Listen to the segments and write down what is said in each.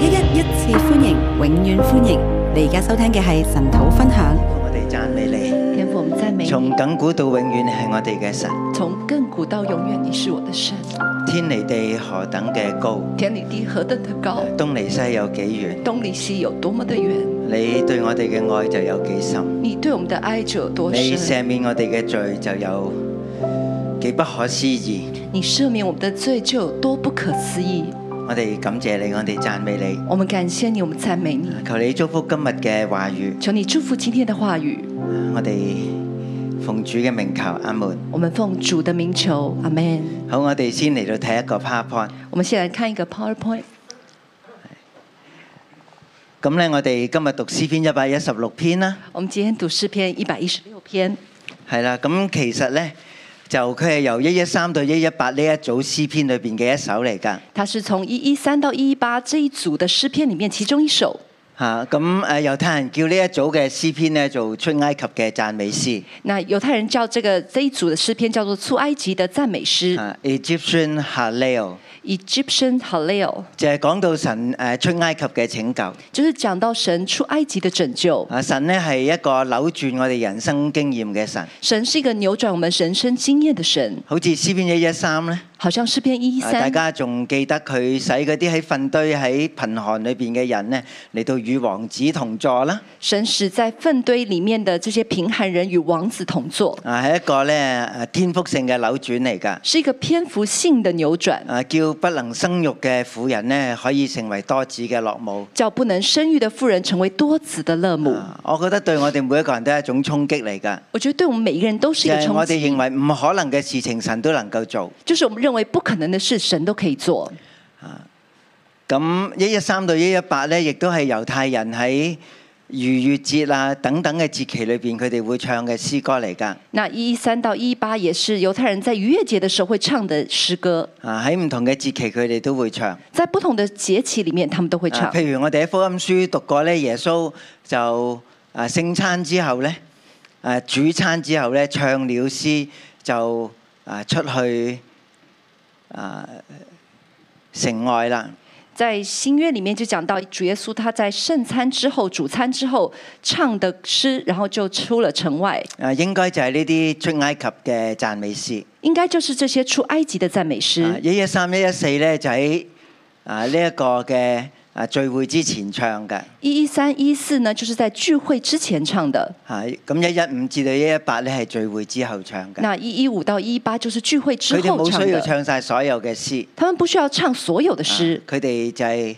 一一一次歡迎，永遠歡迎！你而家收聽嘅係神徒分享。我哋讚美你，天父，我從亘古到永遠係我哋嘅神。從亘古到永遠，你是我的神。天離地何等嘅高？天離地何等的高？東離西有幾遠？東離西有多麼的遠，遠？你對我哋嘅愛就有幾深？你對我們嘅愛就有多深？你赦免我哋嘅罪就有幾不可思議？你赦免我們嘅罪就有多不可思議？我哋感謝你，我哋讚美你。我們感謝你，我們讚美你。求你祝福今日嘅話語。求你祝福今天嘅話語。我哋奉主嘅名求，阿門。我們奉主的名求，阿門。好，我哋先嚟到睇一個 PowerPoint。我們先嚟看一個 PowerPoint。咁咧，我哋今日讀詩篇一百一十六篇啦。我們今天讀詩篇一百一十六篇。係啦，咁其實咧。就佢係由一一三到一一八呢一組詩篇裏邊嘅一首嚟噶他是從一一三到一一八這一組的詩篇裏面其中一首。吓、啊，咁、啊、誒，猶太人叫呢一組嘅詩篇咧，做出埃及嘅讚美詩。那猶太人叫呢、這個這一組的詩篇叫做出埃及嘅讚美詩。啊、Egyptian Hallel Egyptian Hallel，就係講到神誒出埃及嘅拯救。就是講到神出埃及嘅拯救。啊，神咧係一個扭轉我哋人生經驗嘅神，神是一個扭轉我們人生經驗嘅神，神，神，神。好似詩篇一一三咧。好像詩篇一一三，大家仲記得佢使嗰啲喺糞堆喺貧寒裏邊嘅人呢嚟到與王子同坐啦。神使在糞堆裏面的這些貧寒人與王子同坐。啊，係一個咧顛覆性嘅扭轉嚟噶。是一個篇幅性嘅扭轉。啊，叫不能生育嘅婦人呢可以成為多子嘅樂母。叫不能生育嘅婦人成為多子嘅樂母，啊。我覺得對我哋每一個人都係一種衝擊嚟噶。我覺得對我們每一個人都是一個衝擊。我哋認為唔可能嘅事情，神都能夠做。就是我們認。因為不可能的事，神都可以做。啊，咁一一三到一一八咧，亦都係猶太人喺逾越節啊等等嘅節期裏邊，佢哋會唱嘅詩歌嚟噶。嗱，一一三到一一八也是猶太人在逾越節的時候會唱的詩歌。啊，喺唔同嘅節期，佢哋都會唱。在不同的節期裏面，他們都會唱。啊、譬如我哋喺福音書讀過咧，耶穌就啊聖餐之後咧，誒、啊、主餐之後咧，唱了詩就啊出去。啊！城外啦，在新約裡面就講到主耶穌他在聖餐之後、主餐之後唱的詩，然後就出了城外。啊，應該就係呢啲出埃及嘅讚美詩，應該就是這些出埃及的讚美詩、啊。一一三、一一四咧就喺啊呢一個嘅。啊！聚會之前唱嘅一一三、一四呢，就是在聚會之前唱的。係咁，一一五至到一一八呢，係聚會之後唱嘅。嗱，一一五到一一八就是聚會之後唱嘅。佢哋冇需要唱晒所有嘅詩。他們不需要唱所有的詩。啊，佢哋就係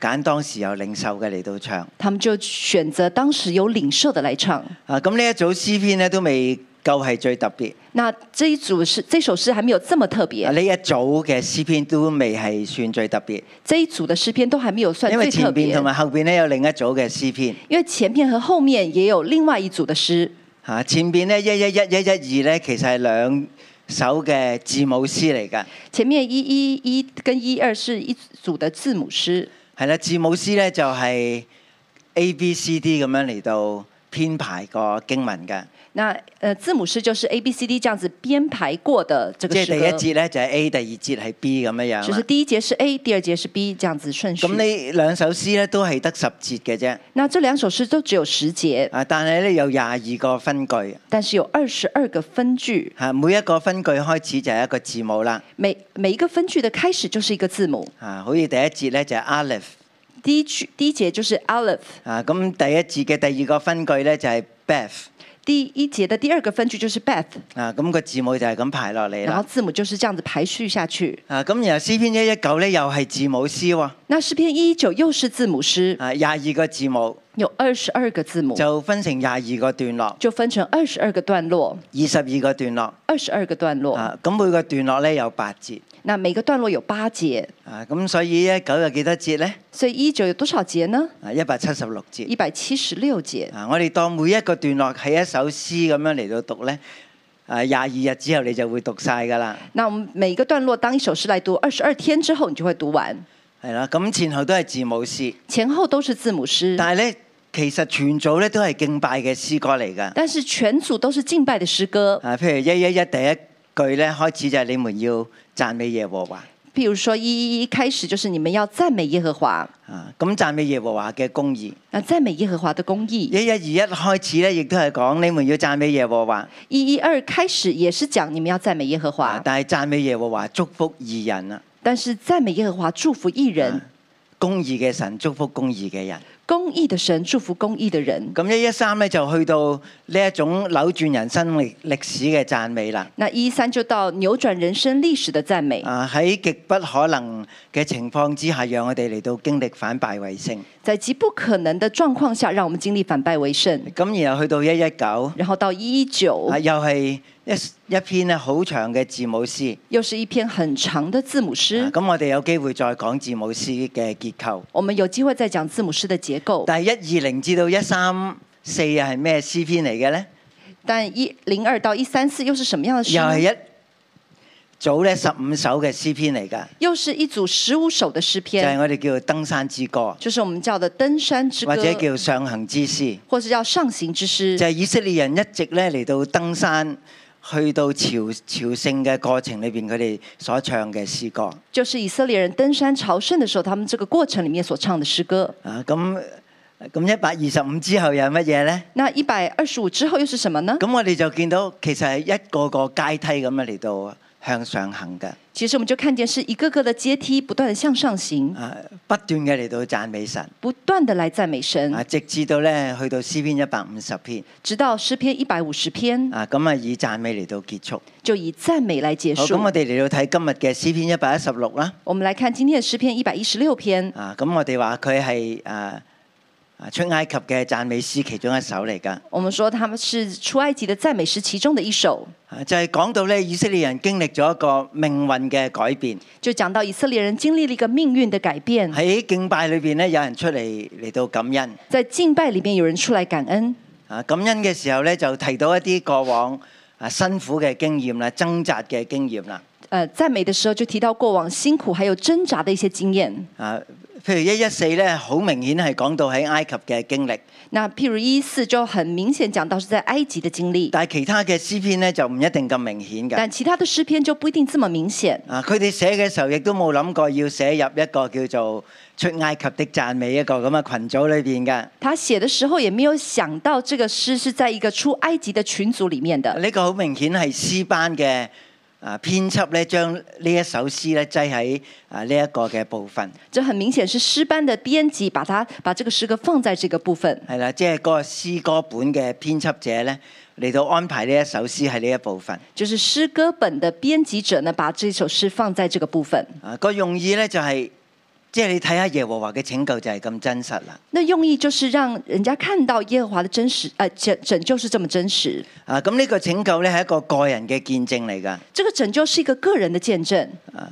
揀當時有領袖嘅嚟到唱。他們就選擇當時有領袖嘅嚟唱。啊，咁呢一組詩篇呢都未。夠係最特別。那這一組，這一首詩，還沒有這麼特別。呢一組嘅詩篇都未係算最特別。這一組的詩篇都還沒有算最特別。因為前邊同埋後邊咧有另一組嘅詩篇。因為前面和後面也有另外一組嘅詩。吓，前邊咧一一一一一二咧，其實係兩首嘅字母詩嚟噶。前面一一一跟一二是一組嘅字母詩。係啦，字母詩咧就係 A B C D 咁樣嚟到編排個經文噶。那，呃，字母詩就是 A B C D 這樣子編排過的，這個即係第一節咧就係、是、A，第二節係 B 咁樣樣。就是第一節是 A，第二節是 B，這樣子順序。咁呢兩首詩咧都係得十節嘅啫。嗱，這兩首詩都只有十節。啊，但係咧有廿二個分句。但是有二十二個分句。吓、啊，每一個分句開始就係一個字母啦。每、啊、每一個分句嘅開始就是一個字母。吓、啊，好似第一節咧就係、是、Alif。第一、第一節就是 Alif。啊，咁第一節嘅第二個分句咧就係 Beth。第一節嘅第二個分句就是 beth 啊，咁、那個字母就係咁排落嚟，然後字母就是這樣子排序下去啊，咁然後詩篇一一九咧又係字母詩喎、哦，那詩篇一一九又是字母詩，啊廿二個字母，有二十二個字母，就分成廿二個段落，就分成二十二個段落，二十二個段落，二十二個段落啊，咁每個段落咧有八節。那每個段落有八節，啊咁所以一九有幾多節呢？所以一九有多少節呢？啊，一百七十六節。一百七十六節。啊，我哋當每一個段落係一首詩咁樣嚟到讀呢，啊廿二日之後你就會讀晒噶啦。那我們每一個段落當一首詩來讀，二十二天之後你就會讀完。係啦，咁前後都係字母詩，前後都是字母詩。但係呢，其實全組呢都係敬拜嘅詩歌嚟噶。但是全組都是敬拜嘅詩歌。啊，譬如一一一第一。句咧，開始就係你們要讚美耶和華，譬如說一一一開始就是你們要讚美耶和華。啊，咁讚美耶和華嘅公義。啊，讚美耶和華嘅公義。一一二一開始咧，亦都係講你們要讚美耶和華。一一二開始也是講你們要讚美耶和華。啊，但係讚美耶和華祝福義人啊。但是讚美耶和華祝福義人。啊，公義嘅神祝福公義嘅人，公義的神祝福公義的人。咁、啊、一一三咧就去到。呢一種扭轉人生歷歷史嘅讚美啦。那一三就到扭轉人生歷史嘅讚美。啊，喺極不可能嘅情況之下，讓我哋嚟到經歷反敗為勝。在極不可能的狀況下，讓我們經歷反敗為勝。咁然後去到一一九。然後到一一九。啊，又係一一篇呢好長嘅字母詩。又是一篇很長的字母詩。咁我哋有機會再講字母詩嘅結構。我們有機會再講字母詩的結構。但係一二零至到一三。四又係咩詩篇嚟嘅呢？但一零二到一三四又是什麼樣的詩？又係一組咧十五首嘅詩篇嚟噶。又是一組十五首嘅詩、詩篇。就係、是、我哋叫登山之歌。就是我們叫的登山之歌，或者，之或者叫上行之詩，或者叫上行之詩。就係、是、以色列人一直咧嚟到登山，去到朝朝聖嘅過程裏邊，佢哋所唱嘅詩歌。就是以色列人登山朝聖嘅時候，他們這個過程裏面所唱嘅詩歌。啊咁。咁一百二十五之後有乜嘢呢？那一百二十五之後又是什麼呢？咁我哋就見到其實係一個個階梯咁樣嚟到向上行嘅。其實我們就看見是一個個的階梯，不斷向上行。啊，不斷嘅嚟到讚美神，不斷的來讚美神啊，直至到咧去到詩篇一百五十篇，直到詩篇一百五十篇啊，咁啊以讚美嚟到結束，就以讚美嚟結束。咁我哋嚟到睇今日嘅詩篇一百一十六啦。我們來看今天嘅詩篇一百一十六篇啊，咁我哋話佢係誒。啊出埃及嘅贊美詩其中一首嚟㗎。我們說他們是出埃及的贊美詩其中的一首。就係講到咧，以色列人經歷咗一個命運嘅改變。就講到以色列人經歷了一個命運的改變。喺敬拜裏邊咧，有人出嚟嚟到感恩。在敬拜裏面有人出來，來感恩。啊，感恩嘅時候咧，就提到一啲過往啊辛苦嘅經驗啦，掙扎嘅經驗啦。誒，贊美的時候就提到過往辛苦還有掙扎的一些經驗。啊。譬如一一四咧，好明顯係講到喺埃及嘅經歷。那譬如一四就很明顯講到是在埃及嘅經歷。但係其他嘅詩篇咧就唔一定咁明顯噶。但其他嘅詩篇,篇就不一定這麼明顯。啊，佢哋寫嘅時候亦都冇諗過要寫入一個叫做出埃及的讚美一個咁嘅群組裏邊嘅。他寫嘅時候也沒有想到這個詩是在一個出埃及的群組裏面的。呢、啊這個好明顯係詩班嘅。啊！編輯咧將呢一首詩咧擠喺啊呢一,一個嘅部分。就很明顯，是詩班嘅編輯，把它把這個詩歌放在這個部分。係啦，即係嗰個詩歌本嘅編輯者咧嚟到安排呢一首詩喺呢一部分。就是詩歌本的編輯者呢，把這首詩放在這個部分。啊，個用意咧就係、是。即係你睇下耶和華嘅拯救就係咁真實啦。那用意就是讓人家看到耶和華的真實，誒、呃、拯拯救是這麼真實。啊，咁呢個拯救咧係一個個人嘅見證嚟噶。這個拯救是一個個人的見證。啊，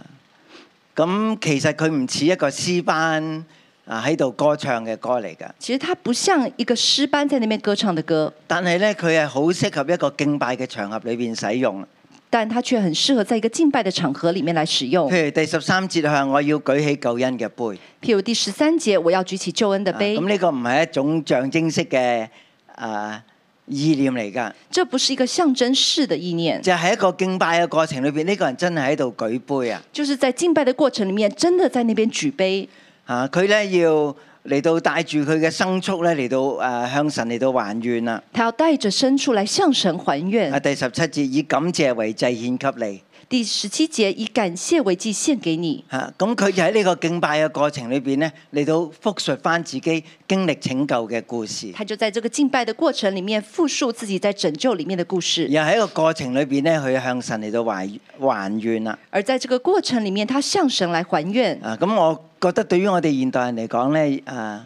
咁其實佢唔似一個詩班啊喺度歌唱嘅歌嚟噶。其實它不像一個詩班在那邊歌唱的歌。但係咧，佢係好適合一個敬拜嘅場合裏邊使用。但他卻很適合在一個敬拜的場合裏面來使用。譬如第十三節向我要舉起救恩嘅杯。譬如第十三節我要舉起救恩的杯。咁、啊、呢、這個唔係一種象徵式嘅啊意念嚟㗎。這不是一個象徵式的意念。就喺、是、一個敬拜嘅過程裏邊，呢個人真係喺度舉杯啊！就是在敬拜的過程裏面，這個、真的在那邊舉杯、啊。吓、啊，佢咧要。嚟到帶住佢嘅牲畜咧，嚟到誒、呃、向神嚟到還願啦。他要帶着牲畜嚟向神還願。啊，第十七節以感謝為祭獻給你，第十七節以感謝為祭獻給你。啊，咁、嗯、佢就喺呢個敬拜嘅過程裏邊咧，嚟到復述翻自己經歷拯救嘅故事。他就在這個敬拜的過程裏面復述自己在拯救裏面的故事。又喺一個過程裏邊呢，佢向神嚟到還還願啦。而在這個過程裏面，他向神來還願。啊，咁、嗯、我。覺得對於我哋現代人嚟講咧，誒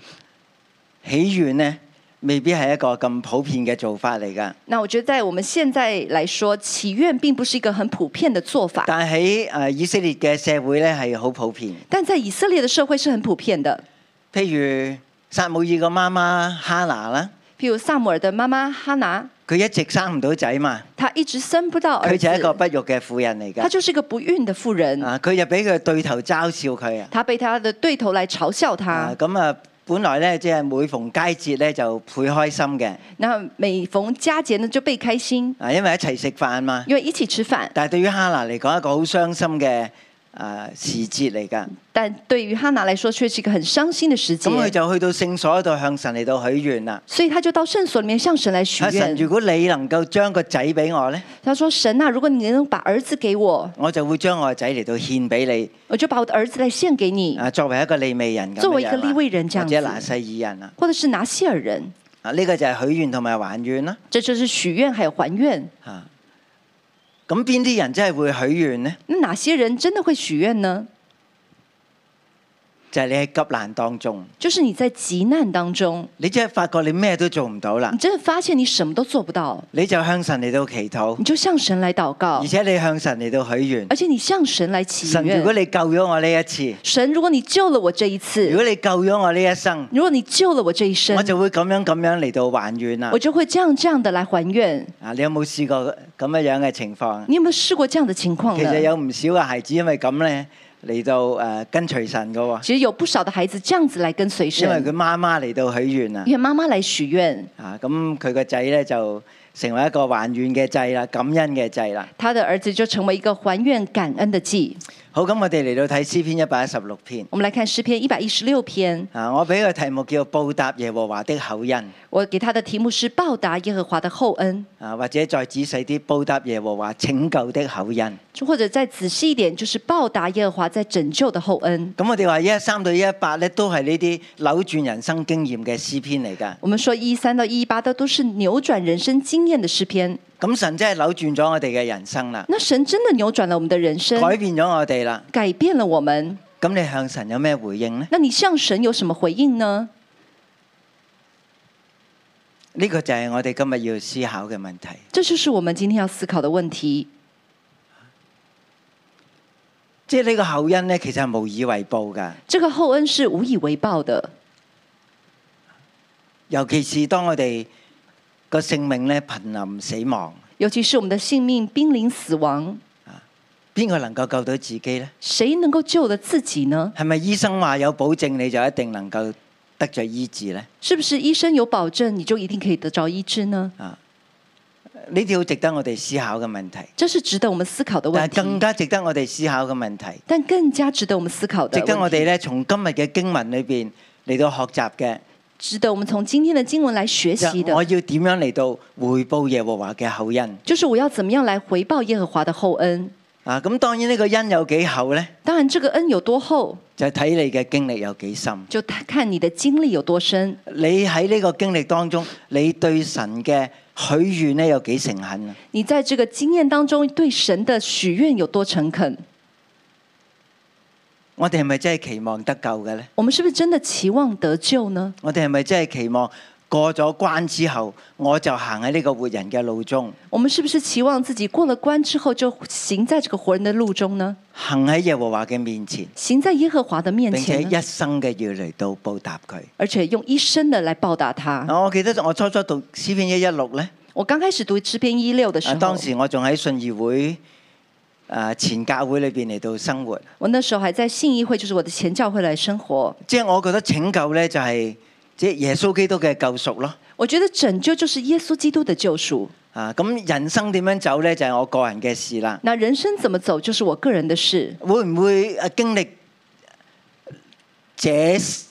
祈願咧，未必係一個咁普遍嘅做法嚟㗎。那我覺得在我們現在來說，祈願並不是一個很普遍嘅做法。但喺誒以色列嘅社會咧，係好普遍。但在以色列嘅社會是很普遍的。譬如撒母耳嘅媽媽哈拿啦。譬如撒母耳的媽媽哈拿。佢一直生唔到仔嘛，佢就係一個不育嘅婦人嚟嘅、啊，佢就係個不孕嘅婦人，佢就俾佢對頭嘲笑佢，佢被他的對頭來嘲笑他啊啊，咁啊本來咧即係每逢佳節咧就倍開心嘅，那每逢佳節呢就被開心，啊因為一齊食飯嘛，因為一起吃飯，但係對於哈娜嚟講一個好傷心嘅。啊、時節嚟噶，但對於哈拿嚟說，卻是一個很傷心的時節。咁佢就去到聖所度向神嚟到許願啦。所以他就到聖所裏面向神嚟許願。神，如果你能夠將個仔俾我咧，他說神啊，如果你能把兒子給我，我就會將我嘅仔嚟到獻俾你。我就把我的兒子嚟獻給你。啊，作為一個利未人作為一個利未人，或者拿細耳人啊，或者是拿細耳人。啊，呢、這個就係許願同埋還願啦、啊。這就是許願，還有還願啊。咁邊啲人真係會許願呢？那哪些人真的會許願呢？就係、是、你喺急難當中，就是你在急難當中，你真係發覺你咩都做唔到啦，你真係發現你什麼都做不到，你就向神嚟到祈禱，你就向神嚟禱告，而且你向神嚟到許願，而且你向神來祈願。神，如果你救咗我呢一次，神，如果你救了我這一次，如果你救咗我呢一生，如果你救了我這一生，我就會咁樣咁樣嚟到還願啦，我就會這樣這樣的來還願。啊，你有冇試過咁樣樣嘅情況？你有冇試過這樣的情況？其實有唔少嘅孩子因為咁咧。嚟到誒、呃、跟隨神嘅喎，其實有不少的孩子這樣子嚟跟隨神，因為佢媽媽嚟到許願啊，因為媽媽嚟許願，啊咁佢個仔咧就成為一個還願嘅祭啦，感恩嘅祭啦，他的兒子就成為一個還願感恩的祭。好，咁我哋嚟到睇詩篇一百一十六篇。我哋嚟看詩篇一百一十六篇。啊，我俾個題目叫報答耶和華的厚恩。我給他的題目是報答耶和華的厚恩。啊，或者再仔細啲報答耶和華拯救的厚恩。或者再仔細一點，就是報答耶和華在拯救的厚恩。咁我哋話一一三到一一八咧，都係呢啲扭轉人生經驗嘅詩篇嚟噶。我們說一一三到一一八都都是扭轉人生經驗嘅詩篇。咁神真係扭轉咗我哋嘅人生啦！那神真的扭轉了我們的人生，改變咗我哋啦，改變了我們。咁你向神有咩回應呢？那你向神有什麼回應呢？呢個就係我哋今日要思考嘅問題。這就是我們今天要思考的問題。即係呢個后恩呢，其實係無以為報噶。這個后恩是無以為報的，尤其是當我哋。個性命咧瀕臨死亡，尤其是我們的性命瀕臨死亡，啊，邊個能夠救到自己呢？誰能夠救得自己呢？係咪醫生話有保證你就一定能夠得着醫治呢？是不是醫生有保證你就一定可以得着醫治呢？啊，呢啲好值得我哋思考嘅問題，這是值得我們思考的問題，更加值得我哋思考嘅問題，嗯，但更加值得我們思考的問題，值得我哋咧從今日嘅經文裏邊嚟到學習嘅。值得我們從今天的經文來學習的。我要點樣嚟到回報耶和華嘅厚恩？就是我要怎麼樣來回報耶和華的厚恩？啊，咁當然呢個恩有幾厚呢？當然，這個恩有多厚？就睇你嘅經歷有幾深？就看你的經歷有多深？你喺呢個經歷當中，你對神嘅許願呢有幾誠懇？你在這個經驗當中對神的許願有多誠懇？我哋係咪真係期望得救嘅呢？我們是不是真的期望得救呢？我哋係咪真係期望過咗關之後，我就行喺呢個活人嘅路中？我們是不是期望自己過了關之後就行在這個活人的路中呢？行喺耶和華嘅面前，行在耶和華的面前，並且一生嘅要嚟到報答佢，而且用一生的來報答他。我記得我初初讀詩篇一一六呢，我剛開始讀詩篇一六的時候，啊，當時我仲喺信義會。前教會裏邊嚟到生活，我那時候還在信義會，就是我的前教會嚟生活。即係我覺得拯救呢，就係即係耶穌基督嘅救贖咯。我覺得拯救就是耶穌基督的救贖。啊，咁人生點樣走呢？就係我個人嘅事啦。那人生怎麼走，就是我個人的事。的事會唔會誒經歷這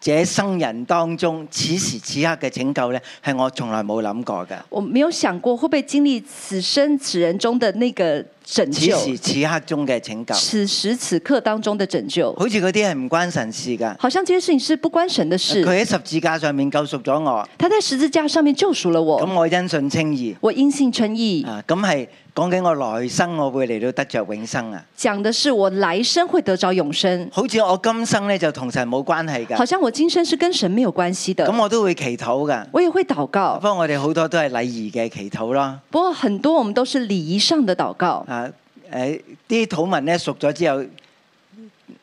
這生人當中此時此刻嘅拯救呢？係我從來冇諗過嘅。我沒有想過會唔會經歷此生此人中的那個。此時此刻中嘅拯救，此時此刻，中此時此刻當中嘅拯救，好似嗰啲係唔關神事噶。好像呢啲事情是不關神的事。佢喺十字架上面救贖咗我，他在十字架上面救贖了我。咁我因信稱義，我因信稱義。咁、啊、係講緊我來生我會嚟到得着永生啊！講的是我來生會得着永生。好似我今生呢就同神冇關係噶，好像我今生是跟神沒有關係的。咁我都會祈禱噶，我也會禱告。不過我哋好多都係禮儀嘅祈禱咯。不過很多我們都是禮儀上的禱告。啊！誒，啲土文咧，熟咗之後，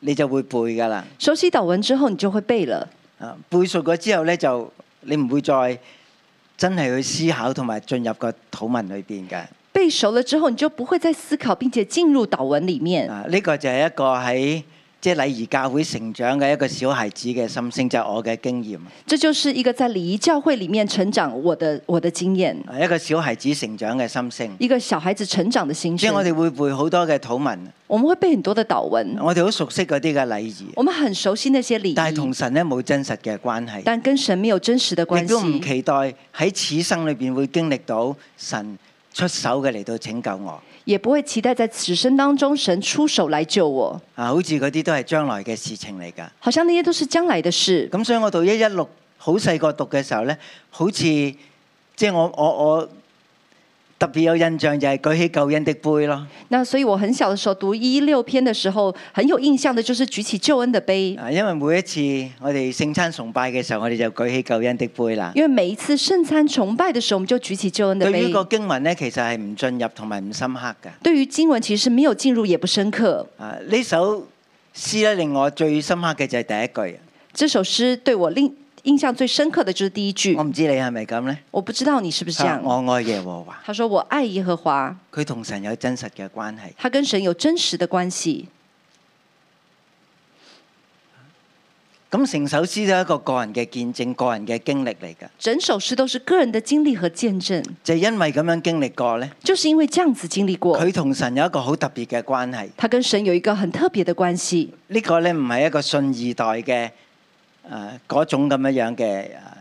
你就會背噶啦。熟悉導文之後，你就會背啦。啊，背熟咗之後咧，就你唔會再真係去思考同埋進入個土文裏邊嘅。背熟了之後，你就不會再思考，並且進入導文裏面。啊，呢、這個就係一個喺。即係禮儀教會成長嘅一個小孩子嘅心聲，就係、是、我嘅經驗。這就是一個在禮儀教會裏面成長，我的我的經驗。一個小孩子成長嘅心聲，一個小孩子成長嘅心聲。即係我哋會背好多嘅禱文，我們會背很多嘅禱文。我哋好熟悉嗰啲嘅禮儀，我們很熟悉那些禮儀，但係同神呢冇真實嘅關係，但跟神沒有真實嘅關係。亦都唔期待喺此生裏邊會經歷到神出手嘅嚟到拯救我。也不會期待在此生當中神出手來救我。啊，好似嗰啲都係將來嘅事情嚟噶。好像那些都是將來的事。咁，嗯，所以我讀一一六好細個讀嘅時候咧，好似即係我我我。我我特別有印象就係舉起救恩的杯咯。那所以我很小的時候讀一六篇的時候，很有印象的，就是舉起救恩的杯。啊，因為每一次我哋聖餐崇拜嘅時候，我哋就舉起救恩的杯啦。因為每一次聖餐崇拜嘅時候，我們就舉起救恩的杯。呢個經文呢，其實係唔進入同埋唔深刻嘅。對於經文，其實沒有進入，也不深刻。啊，呢首詩咧令我最深刻嘅就係第一句。這首詩對我令。印象最深刻的就是第一句。我唔知你係咪咁呢？我不知道你是不是這樣。啊、我愛耶和華。他說我愛耶和華。佢同神有真實嘅關係。他跟神有真實的關係。咁、嗯、成首詩都係一個個人嘅見證、個人嘅經歷嚟㗎。整首詩都是個人嘅經歷和見證。就是、因為咁樣經歷過呢？就是因為這樣子經歷過。佢同神有一個好特別嘅關係。他跟神有一個很特別嘅關係。呢個呢，唔係一、這個、一個信二代嘅。誒、啊，嗰種咁樣樣嘅、啊、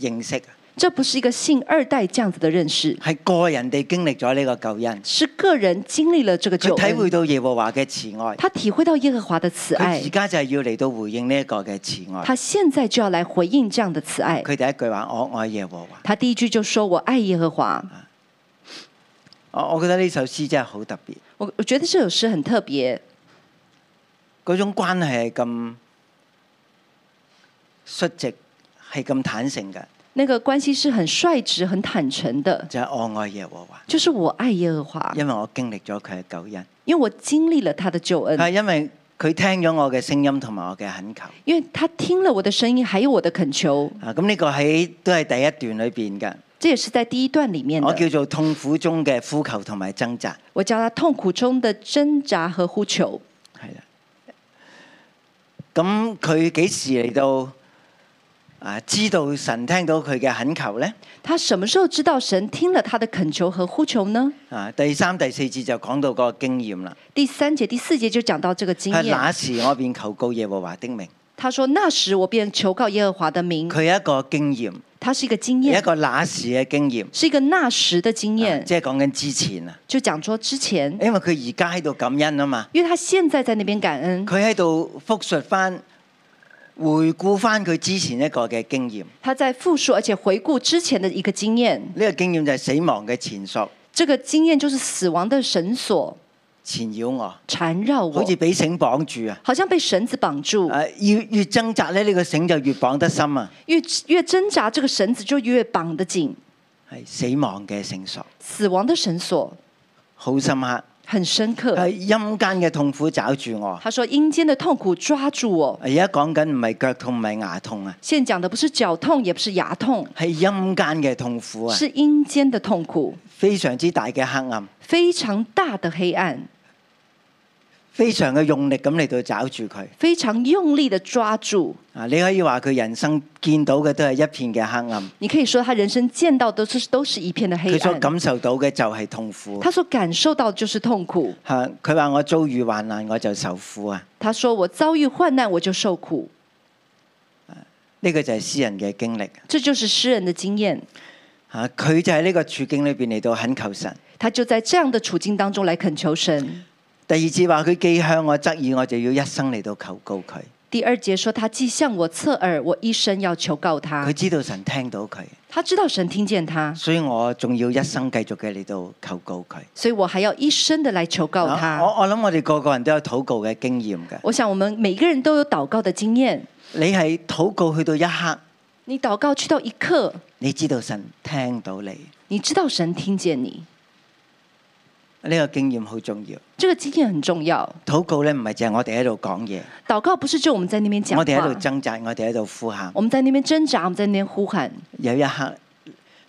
認識，這不是一個信二代這樣子嘅認識，係個人哋經歷咗呢個救恩，是個人經歷了這個救恩，體會到耶和華嘅慈愛，他體會到耶和華嘅慈愛，而家就係要嚟到回應呢一個嘅慈愛，他現在就要嚟回應這樣嘅慈愛，佢第一句話我愛耶和華，他第一句就說我愛耶和華，我、啊、我覺得呢首詩真係好特別，我我我覺得這首詩很特別，嗰種關係係咁。率直係咁坦誠嘅，那個關係是很率直，很坦誠的。就係我愛耶和華，就是我愛耶和華，因為我經歷咗佢嘅救恩，因為我經歷了他的救恩。係因為佢聽咗我嘅聲音同埋我嘅懇求，因為他聽了我的聲音，還有我的懇求。啊，咁呢個喺都係第一段裏邊嘅，即係也是在第一段裏面。我叫做痛苦中嘅呼求同埋掙扎，我叫他痛苦中的掙扎和呼求。係啦，咁佢幾時嚟到？啊！知道神聽到佢嘅懇求呢？他什麼時候知道神聽了他的懇求和呼求呢？啊！第三、第四節就講到個經驗啦。第三節、第四節就講到這個經驗。那時我便求告耶和華的名。他說那時我便求告耶和華的名。佢一個經驗，他是一個經驗，他一個那時嘅經驗，是一個那時的經驗，啊，即係講緊之前啊。就講咗之前，因為佢而家喺度感恩啊嘛，因為他現在在那邊感恩，佢喺度復述翻。回顧翻佢之前一個嘅經驗，他在複述，而且回顧之前的一個經驗。呢個、這個經驗就係死亡嘅纏索。這個經驗就是死亡的繩索纏繞我，纏繞我，好似俾繩綁住啊！好像被繩子綁住。誒、啊，越越掙扎咧，呢個繩就越綁得深啊！越越掙扎，這個繩子就越綁得緊。係死亡嘅繩索。死亡的繩索，好深刻。很深刻，係陰間嘅痛苦找住我。他說陰間的痛苦抓住我。而家講緊唔係腳痛，唔係牙痛啊，現講的不是腳痛，不是痛，不是腳痛也不是牙痛，係陰間嘅痛苦啊，是陰間的痛苦，非常之大嘅黑暗，非常大的黑暗。非常嘅用力咁嚟到抓住佢，非常用力地抓住。啊，你可以話佢人生見到嘅都係一片嘅黑暗。你可以說他人生見到都都是一片嘅黑暗。佢所感受到嘅就係痛苦。他所感受到就是痛苦。係，佢話我遭遇患難我就受苦啊。他說我遭遇患難我就受苦。呢個就係詩人嘅經歷。這就是詩人的經驗。吓，佢就喺呢個處境裏邊嚟到懇求神。他就在這樣的處境當中嚟懇求神。第二節話佢既向我側耳，我就要一生嚟到求告佢。第二節說他既向我側耳，我一生要求告他。佢知道神聽到佢，他知道神聽見他，所以我仲要一生繼續嘅嚟到求告佢。所以我還要一生的來求告他。我我諗我哋個個人都有禱告嘅經驗嘅。我想我們每個人都有禱告嘅經驗。你係禱告去到一刻，你禱告去到一刻，你知道神聽到你，你知道神聽見你。呢個經驗好重要，這個經驗很重要。禱告咧唔係淨係我哋喺度講嘢，禱告不是就我們在那邊講。我哋喺度掙扎，我哋喺度呼喊。我們在那邊掙扎，我們在那邊呼喊。有一刻，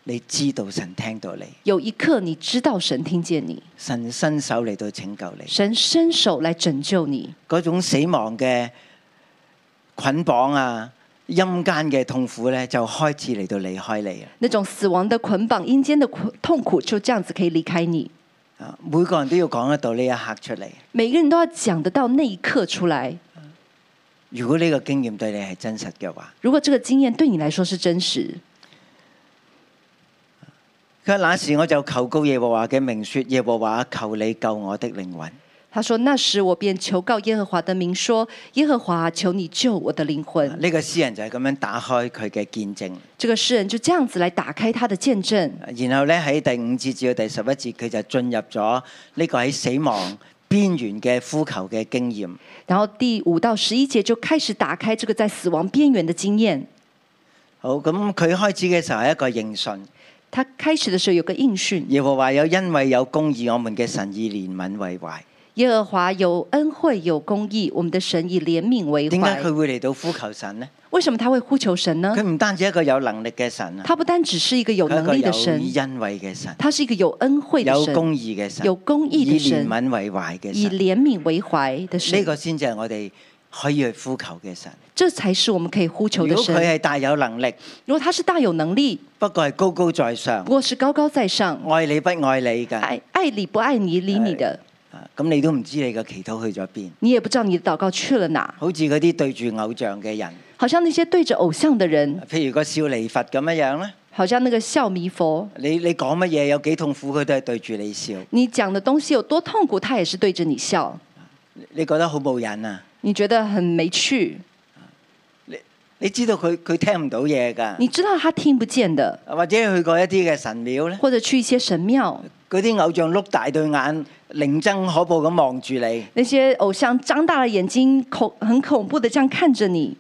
你知道神聽到你；有一刻，你知道神聽見你。神伸手嚟到拯救你，神伸手嚟拯救你。嗰種死亡嘅捆綁啊，陰間嘅痛苦咧，就開始嚟到離開你啊！那種死亡嘅捆綁、陰間的痛苦，就這樣子可以離開你。每個人都要講得到呢一刻出嚟，每個人都要講得到那一刻出嚟。如果呢個經驗對你係真實嘅話，如果這個經驗對你來說係真實，佢話那時我就求告耶和華嘅明說，耶和華求你救我的靈魂。他說：那時我便求告耶和華的名說，說耶和華求你救我的靈魂。呢、啊，這個詩人就係咁樣打開佢嘅見證。這個詩人就這樣子來打開他的見證。然後咧喺第五節至到第十一節，佢就進入咗呢個喺死亡邊緣嘅呼求嘅經驗。然後第五到十一節就開始打開這個在死亡邊緣嘅經驗。好，咁、嗯、佢開始嘅時候係一,一個應訊。他開始嘅時候有個應訊。耶和華有因為有公義，我們嘅神以憐憫為懷。耶和華有恩惠有公義，我們的神以憐憫為懷。點解佢會嚟到呼求神呢？為什麼他會呼求神呢？佢唔單止一個有能力嘅神啊！他不單只是一個有能力的神，恩惠嘅神，他是一個有恩惠、有公義嘅神，有公義以憐憫為懷嘅，以憐憫為懷的神。呢個先至係我哋可以去呼求嘅神。這才是我們可以呼求嘅神。佢係大有能力，如果他是大有能力，不過係高高在上，不過是高高在上，愛你不愛你嘅，愛愛你不愛你理你的。咁你都唔知你嘅祈禱去咗邊？你也不知道你的禱告去了哪？好似嗰啲對住偶像嘅人，好像那些對着偶像的人，譬如個笑彌佛咁樣樣咧，好像那個笑彌佛。你你講乜嘢有幾痛苦，佢都係對住你笑。你講的東西有多痛苦，他也是對着你笑。你覺得好冇癮啊？你覺得很沒趣。你你知道佢佢聽唔到嘢㗎？你知道他，他聽不見的，或者去過一啲嘅神廟咧？或者去一些神廟，嗰啲偶像碌大對眼。靈睜可怖咁望住你，那些偶像張大了眼睛，恐很恐怖的這樣看着你，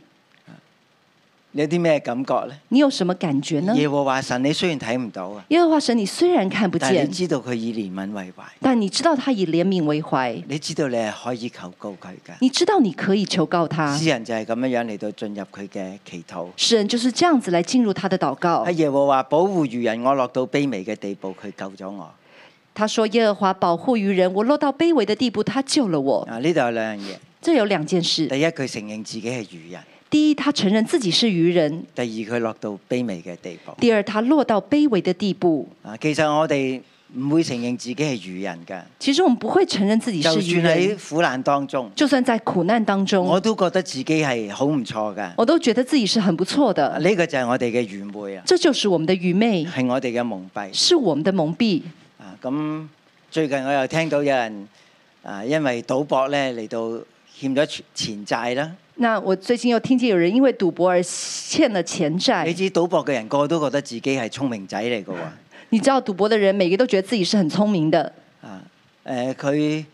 你有啲咩感覺呢？你有什麼感覺呢？耶和華神，你雖然睇唔到啊，耶和華神，你雖然看不見，但你知道佢以憐憫為懷，但你知道他以憐憫為懷，你知道你係可以求告佢噶，你知道你可以求告他，詩人就係咁樣樣嚟到進入佢嘅祈禱，詩人就是這樣子來進入他的禱告。喺耶和華保護愚人，我落到卑微嘅地步，佢救咗我。他說耶和華保護愚人，我落到卑微的地步，他救了我。啊，呢度有兩樣嘢，即係有兩件事。第一，佢承認自己係愚人。第一，他承認自己是愚人。第二，佢落到卑微嘅地步。第二，他落到卑微的地步。啊，其實我哋唔會承認自己係愚人噶。其實我們不會承認自己是愚人。就算喺苦難當中，就算在苦難當中，我都覺得自己係好唔錯噶。我都覺得自己是很不錯的。呢個就係我哋嘅愚昧啊！這就是我們的愚昧，係我哋嘅蒙蔽，是我們的蒙蔽。咁最近我又聽到有人啊，因為賭博咧嚟，到欠咗錢債啦。那我最近又聽見有人因為賭博而欠了錢債。你知賭博嘅人個個都覺得自己係聰明仔嚟嘅喎。你知道賭博嘅人每個都覺得自己是很聰明的。啊，誒，佢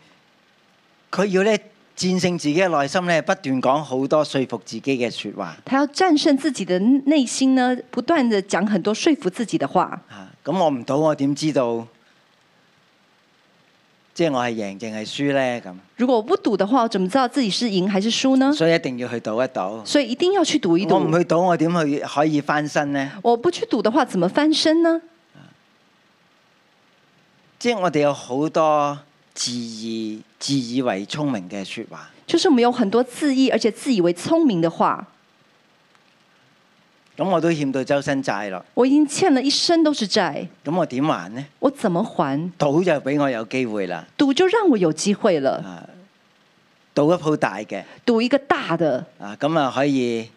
佢要咧戰勝自己嘅內心咧，不斷講好多說服自己嘅說話。他要戰勝自己嘅內心呢，不斷的講很多說服自己嘅話。啊，咁我唔賭，我點知道？即係我係贏定係輸呢。咁。如果我不賭的話，我怎麼知道自己是贏還是輸呢？所以一定要去賭一賭。所以一定要去賭一賭。我唔去賭，我點去可以翻身呢？我不去賭的話，怎麼翻身呢？即係我哋有好多自以自以為聰明嘅說話。就是我們有很多自以而且自以為聰明的話。咁我都欠到周身債咯，我已經欠了一身都是債。咁我點還呢？我怎麼還？賭就俾我有機會啦，賭就讓我有機會了。啊，賭一鋪大嘅，賭一個大的。啊，咁啊可以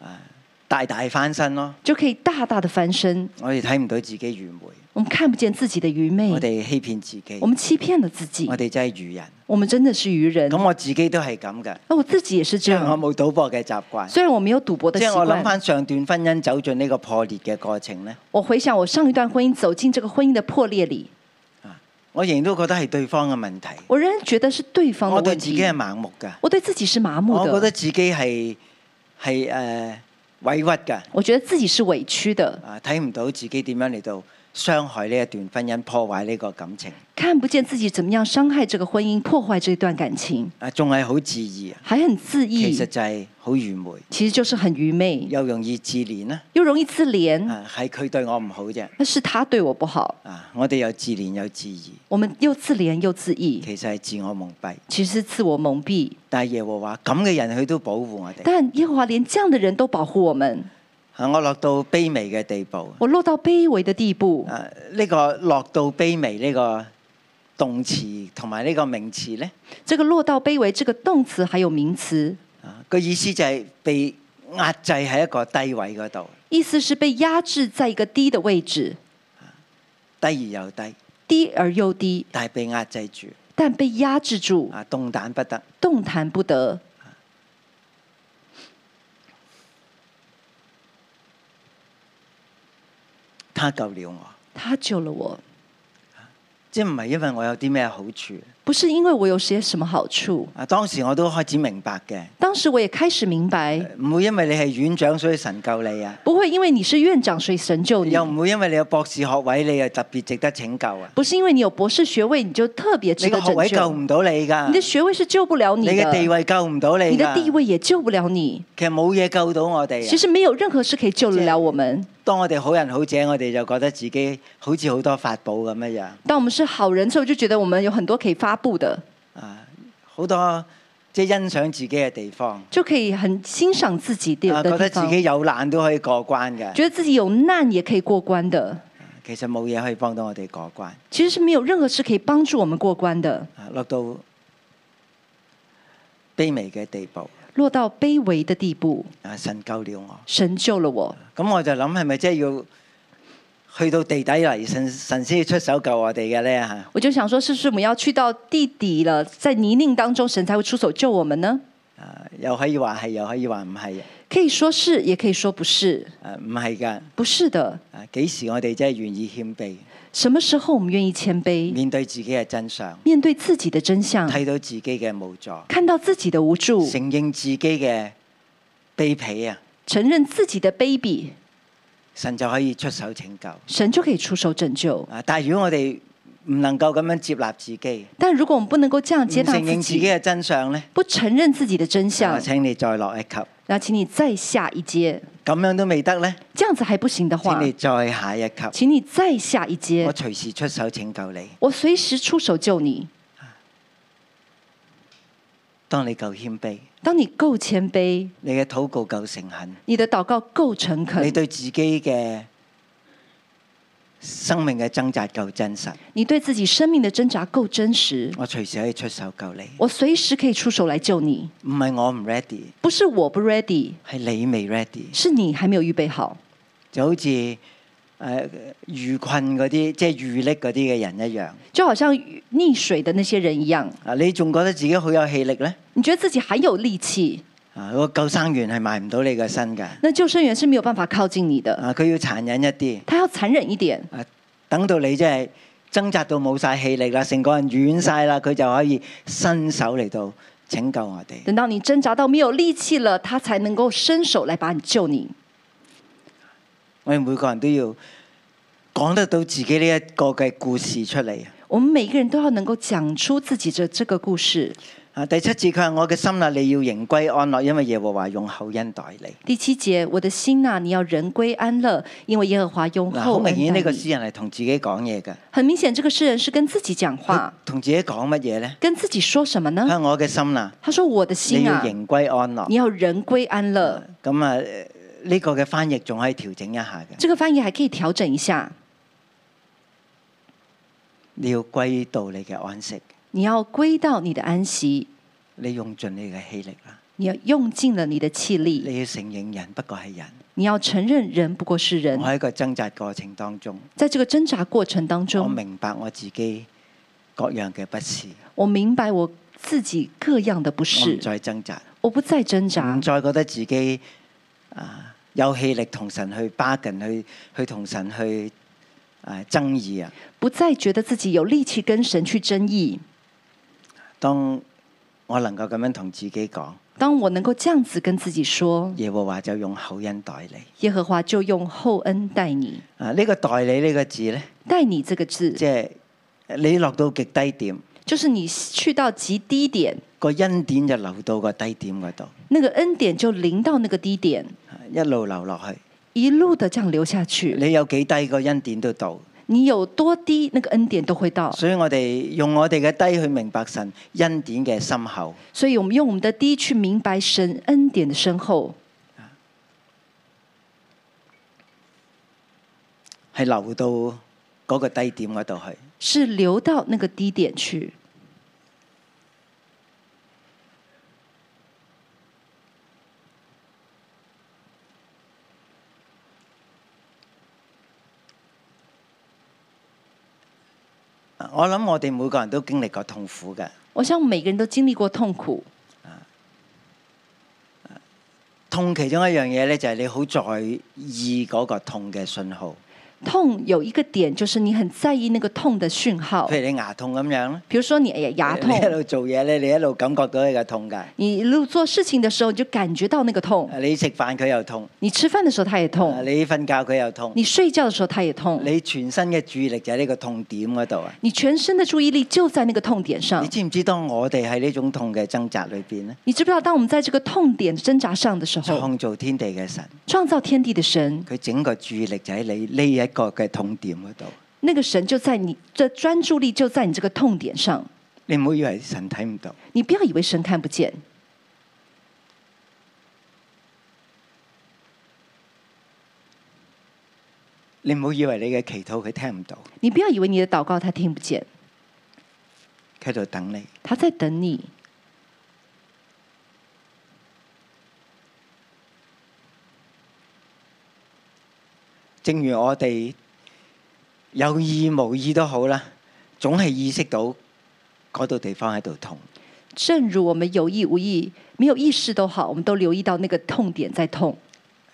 啊，大大翻身咯，就可以大大的翻身。我哋睇唔到自己愚昧。我們看不見自己的愚昧，我哋欺騙自己，我們欺騙了自己，我哋真係愚人，我們真的是愚人。咁我自己都係咁嘅，啊我自己也是這樣，我冇賭博嘅習慣。雖然我沒有賭博的習慣，即係我諗翻上段婚姻走進呢個破裂嘅過程咧，我回想我上一段婚姻走進這個婚姻的破裂裏，我仍然都覺得係對方嘅問題，我仍然覺得是對方嘅問題，我對自己係盲目嘅，我對自己是麻木嘅，我覺得自己係係、呃、委屈嘅，我覺得自己是委屈的，啊睇唔到自己點樣嚟到傷害呢一段婚姻，破壞呢個感情，看不見自己怎麼樣傷害這個婚姻，破壞這段感情。啊，仲係好自意，還很自意。其實就係好愚昧，其實就是很愚昧，又容易自憐啊，又容易自憐。係佢對我唔好啫，那是他對我不好。啊，我哋又自憐又自意，我們又自憐又自意，其實係自我蒙蔽，其實自我蒙蔽。但係耶和華咁嘅人，佢都保護我哋。但耶和華連這樣嘅人都保護我們。啊！我落到卑微嘅地步。我落到卑微嘅地步。啊！呢個落到卑微呢個動詞同埋呢個名詞咧。這個落到卑微，這個動詞還有名詞。啊，個意思就係被壓制喺一個低位嗰度。意思是被壓制在一個低的位置。低而又低，低而又低，但係被壓制住。但被壓制住。啊，動彈不得。動彈不得。他救了我，他救了我，即係唔係因為我有啲咩好處？不是因為我有些什麼好處。啊，當時我都開始明白嘅。當時我也開始明白。唔會因為你係院長所以神救你啊？不會因為你是院長所以神救你？又唔會因為你有博士學位你又特別值得拯救啊？不是因為你有博士學位你就特別值得拯救？你的學位救唔到你噶？你的學位是救不了你。你嘅地位救唔到你。你的地位也救不了你。其實冇嘢救到我哋。其實沒有任何事可以救得了我們。當我哋好人好者，我哋就覺得自己好似好多法寶咁樣。當我們是好人之後，就覺得我們有很多可以發。發的啊，好多即係欣賞自己嘅地方，就可以很欣賞自己。覺得自己有難都可以過關嘅，覺得自己有難也可以過關的。其實冇嘢可以幫到我哋過關，其實是沒有任何事可以幫助我們過關的。落到卑微嘅地步，落到卑微的地步。啊，神救了我，神救了我。咁我就諗，係咪即係要？去到地底嚟，神神先出手救我哋嘅咧吓。我就想說，是不是我們要去到地底了，在泥濘當中，神才會出手救我們呢？啊，又可以話係，又可以話唔係。可以說是，也可以說不是。誒，唔係噶，不是的。啊，幾時我哋真係願意謙卑？什麼時候我們願意謙卑？面對自己嘅真相，面對自己的真相，睇到自己嘅無助，看到自己的無助，承認自己嘅卑鄙啊！承認自己的卑鄙。神就可以出手拯救，神就可以出手拯救。啊、但係如果我哋唔能夠咁樣接納自己，但如果我們不能夠這樣接納承認自己嘅真相呢？不承認自己的真相。我請你再落一級，那、啊、請你再下一階，咁樣都未得呢？這樣子還不行的話，請你再下一級，請你再下一階。我隨時出手拯救你，我隨時出手救你。啊、當你夠謙卑。當你夠謙卑，你嘅禱告夠誠懇，你的禱告夠誠懇，你對自己嘅生命嘅掙扎夠真實，你對自己生命的掙扎夠真實，我隨時可以出手救你，我隨時可以出手來救你，唔係我唔 ready，不是我不 ready，係你未 ready，是你還沒有預備好，就好似。誒、啊，遇困嗰啲，即係遇溺嗰啲嘅人一樣，就好像溺水嘅那些人一樣。啊，你仲覺得自己好有氣力呢？你覺得自己還有力氣？啊，個救生員係埋唔到你個身嘅，那救生員是沒有辦法靠近你嘅，啊，佢要殘忍一啲，他要殘忍一點。啊，等到你即係掙扎到冇晒氣力啦，成個人軟晒啦，佢就可以伸手嚟到拯救我哋。等到你掙扎到沒有力氣了，他才能夠伸手嚟把你救你。啊我哋每個人都要講得到自己呢一個嘅故事出嚟。我們每個人都要能夠講出自己嘅這個故事。啊，第七節佢話，我嘅心啊，你要仍歸安樂，因為耶和華用厚恩待你。」第七節，我的心啊，你要仍歸安樂，因為耶和華用厚。明顯呢個詩人係同自己講嘢嘅。很明顯，這個詩人是跟自己講話，同自己講乜嘢呢？跟自己說什麼呢？啊，我嘅心啦。他說：我的心啊，心啊你要仍歸安樂。你要仍歸安樂。咁啊。呢個嘅翻譯仲可以調整一下嘅。呢個翻譯還可以調整一下。你要歸到你嘅安息。你要歸到你的安息。你用盡你嘅氣力啦。你要用盡了你嘅氣力。你要承認人不過係人。你要承認人不過是人。我喺個掙扎過程當中。在這個掙扎過程當中。我明白我自己各樣嘅不是。我明白我自己各樣的不是。我唔再掙扎。我不再掙扎。唔再覺得自己啊。有氣力同神去 bargain，去去同神去誒、啊、爭議啊！不再覺得自己有力氣跟神去爭議。當我能夠咁樣同自己講，當我能夠這樣子跟自己說，耶和華就用厚恩待你。耶和華就用厚恩待你。啊，呢、這個待你呢個字咧，待你呢個字，即、就、係、是、你落到極低點，就是你去到極低點，個恩典就流到個低點嗰度，那個恩典就淋到，、那個、到那個低點。一路流落去，一路的這樣流下去。你有幾低，個恩典都到，你有多低那個恩典都會到。所以我哋用我哋嘅低去明白神恩典嘅深厚。所以我們用我們的低去明白神恩典的深厚。係流到嗰個低點嗰度去，是流到那個低點去。我諗我哋每個人都經歷過痛苦嘅。我想每個人都經歷過痛苦。痛其中一樣嘢咧，就係你好在意嗰個痛嘅信號。痛有一個點，就是你很在意那個痛的訊號。譬如你牙痛咁樣。譬如說你、哎呀，牙痛。你一路做嘢咧，你一路感覺到呢個痛噶。你一路做事情嘅時候，你就感覺到那個痛。你食飯佢又痛。你吃飯嘅時候，它也痛。啊、你瞓覺佢又痛。你睡覺嘅時候，它也痛。你全身嘅注意力就喺呢個痛點嗰度啊。你全身嘅注意力就在那個痛點上。你知唔知，當我哋喺呢種痛嘅掙扎裏邊呢？你知唔知道當我們在這個痛點掙扎上的時候？創造天地嘅神。創造天地嘅神。佢整個注意力就喺你，呢。嘢。個嘅痛點嗰度，那個神就在你的專注力，就在你這個痛點上。你唔好以為神睇唔到，你不要以為神看不見。你唔好以為你嘅祈禱佢聽唔到，你不要以為你的禱告他聽不見。佢喺度等你，他在等你。正如我哋有意無意都好啦，總係意識到嗰度地方喺度痛。正如我們有意無意、沒有意識都好，我們都留意到那個痛點在痛。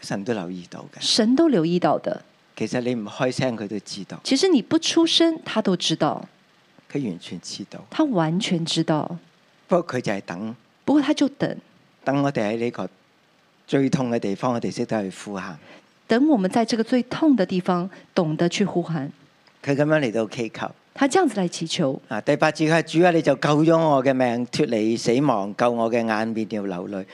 神都留意到嘅。神都留意到的。其實你唔開聲，佢都知道。其實你不出聲，他都知道。佢完全知道。他完全知道。不過佢就係等。不過他就等。等我哋喺呢個最痛嘅地方，我哋識得去呼喊。等我們在這個最痛的地方，懂得去呼喊。佢咁樣嚟到祈求。他這樣子來祈求。啊，第八節佢係，主啊，你就救咗我嘅命，脫離死亡，救我嘅眼免了流淚。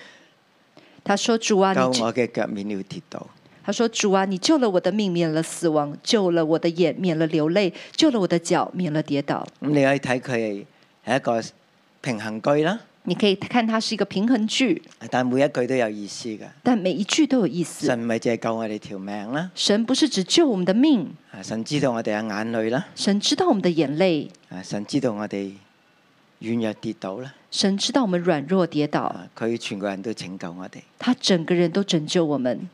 他說：主啊，救我嘅腳免了跌倒。他說：主啊，你救了我的命，免了死亡，救了我的眼，免了流淚，救了我的腳，免了跌倒。咁你可以睇佢係一個平衡居啦。你可以看它是一個平衡句，但每一句都有意思嘅。但每一句都有意思。神唔係只係救我哋條命啦。神不是只救我們的命。神知道我哋嘅眼淚啦。神知道我們的眼淚。神知道我哋軟弱跌倒啦。神知道我們軟弱跌倒。佢、啊、全個人都拯救我哋。他整個人都拯救我們。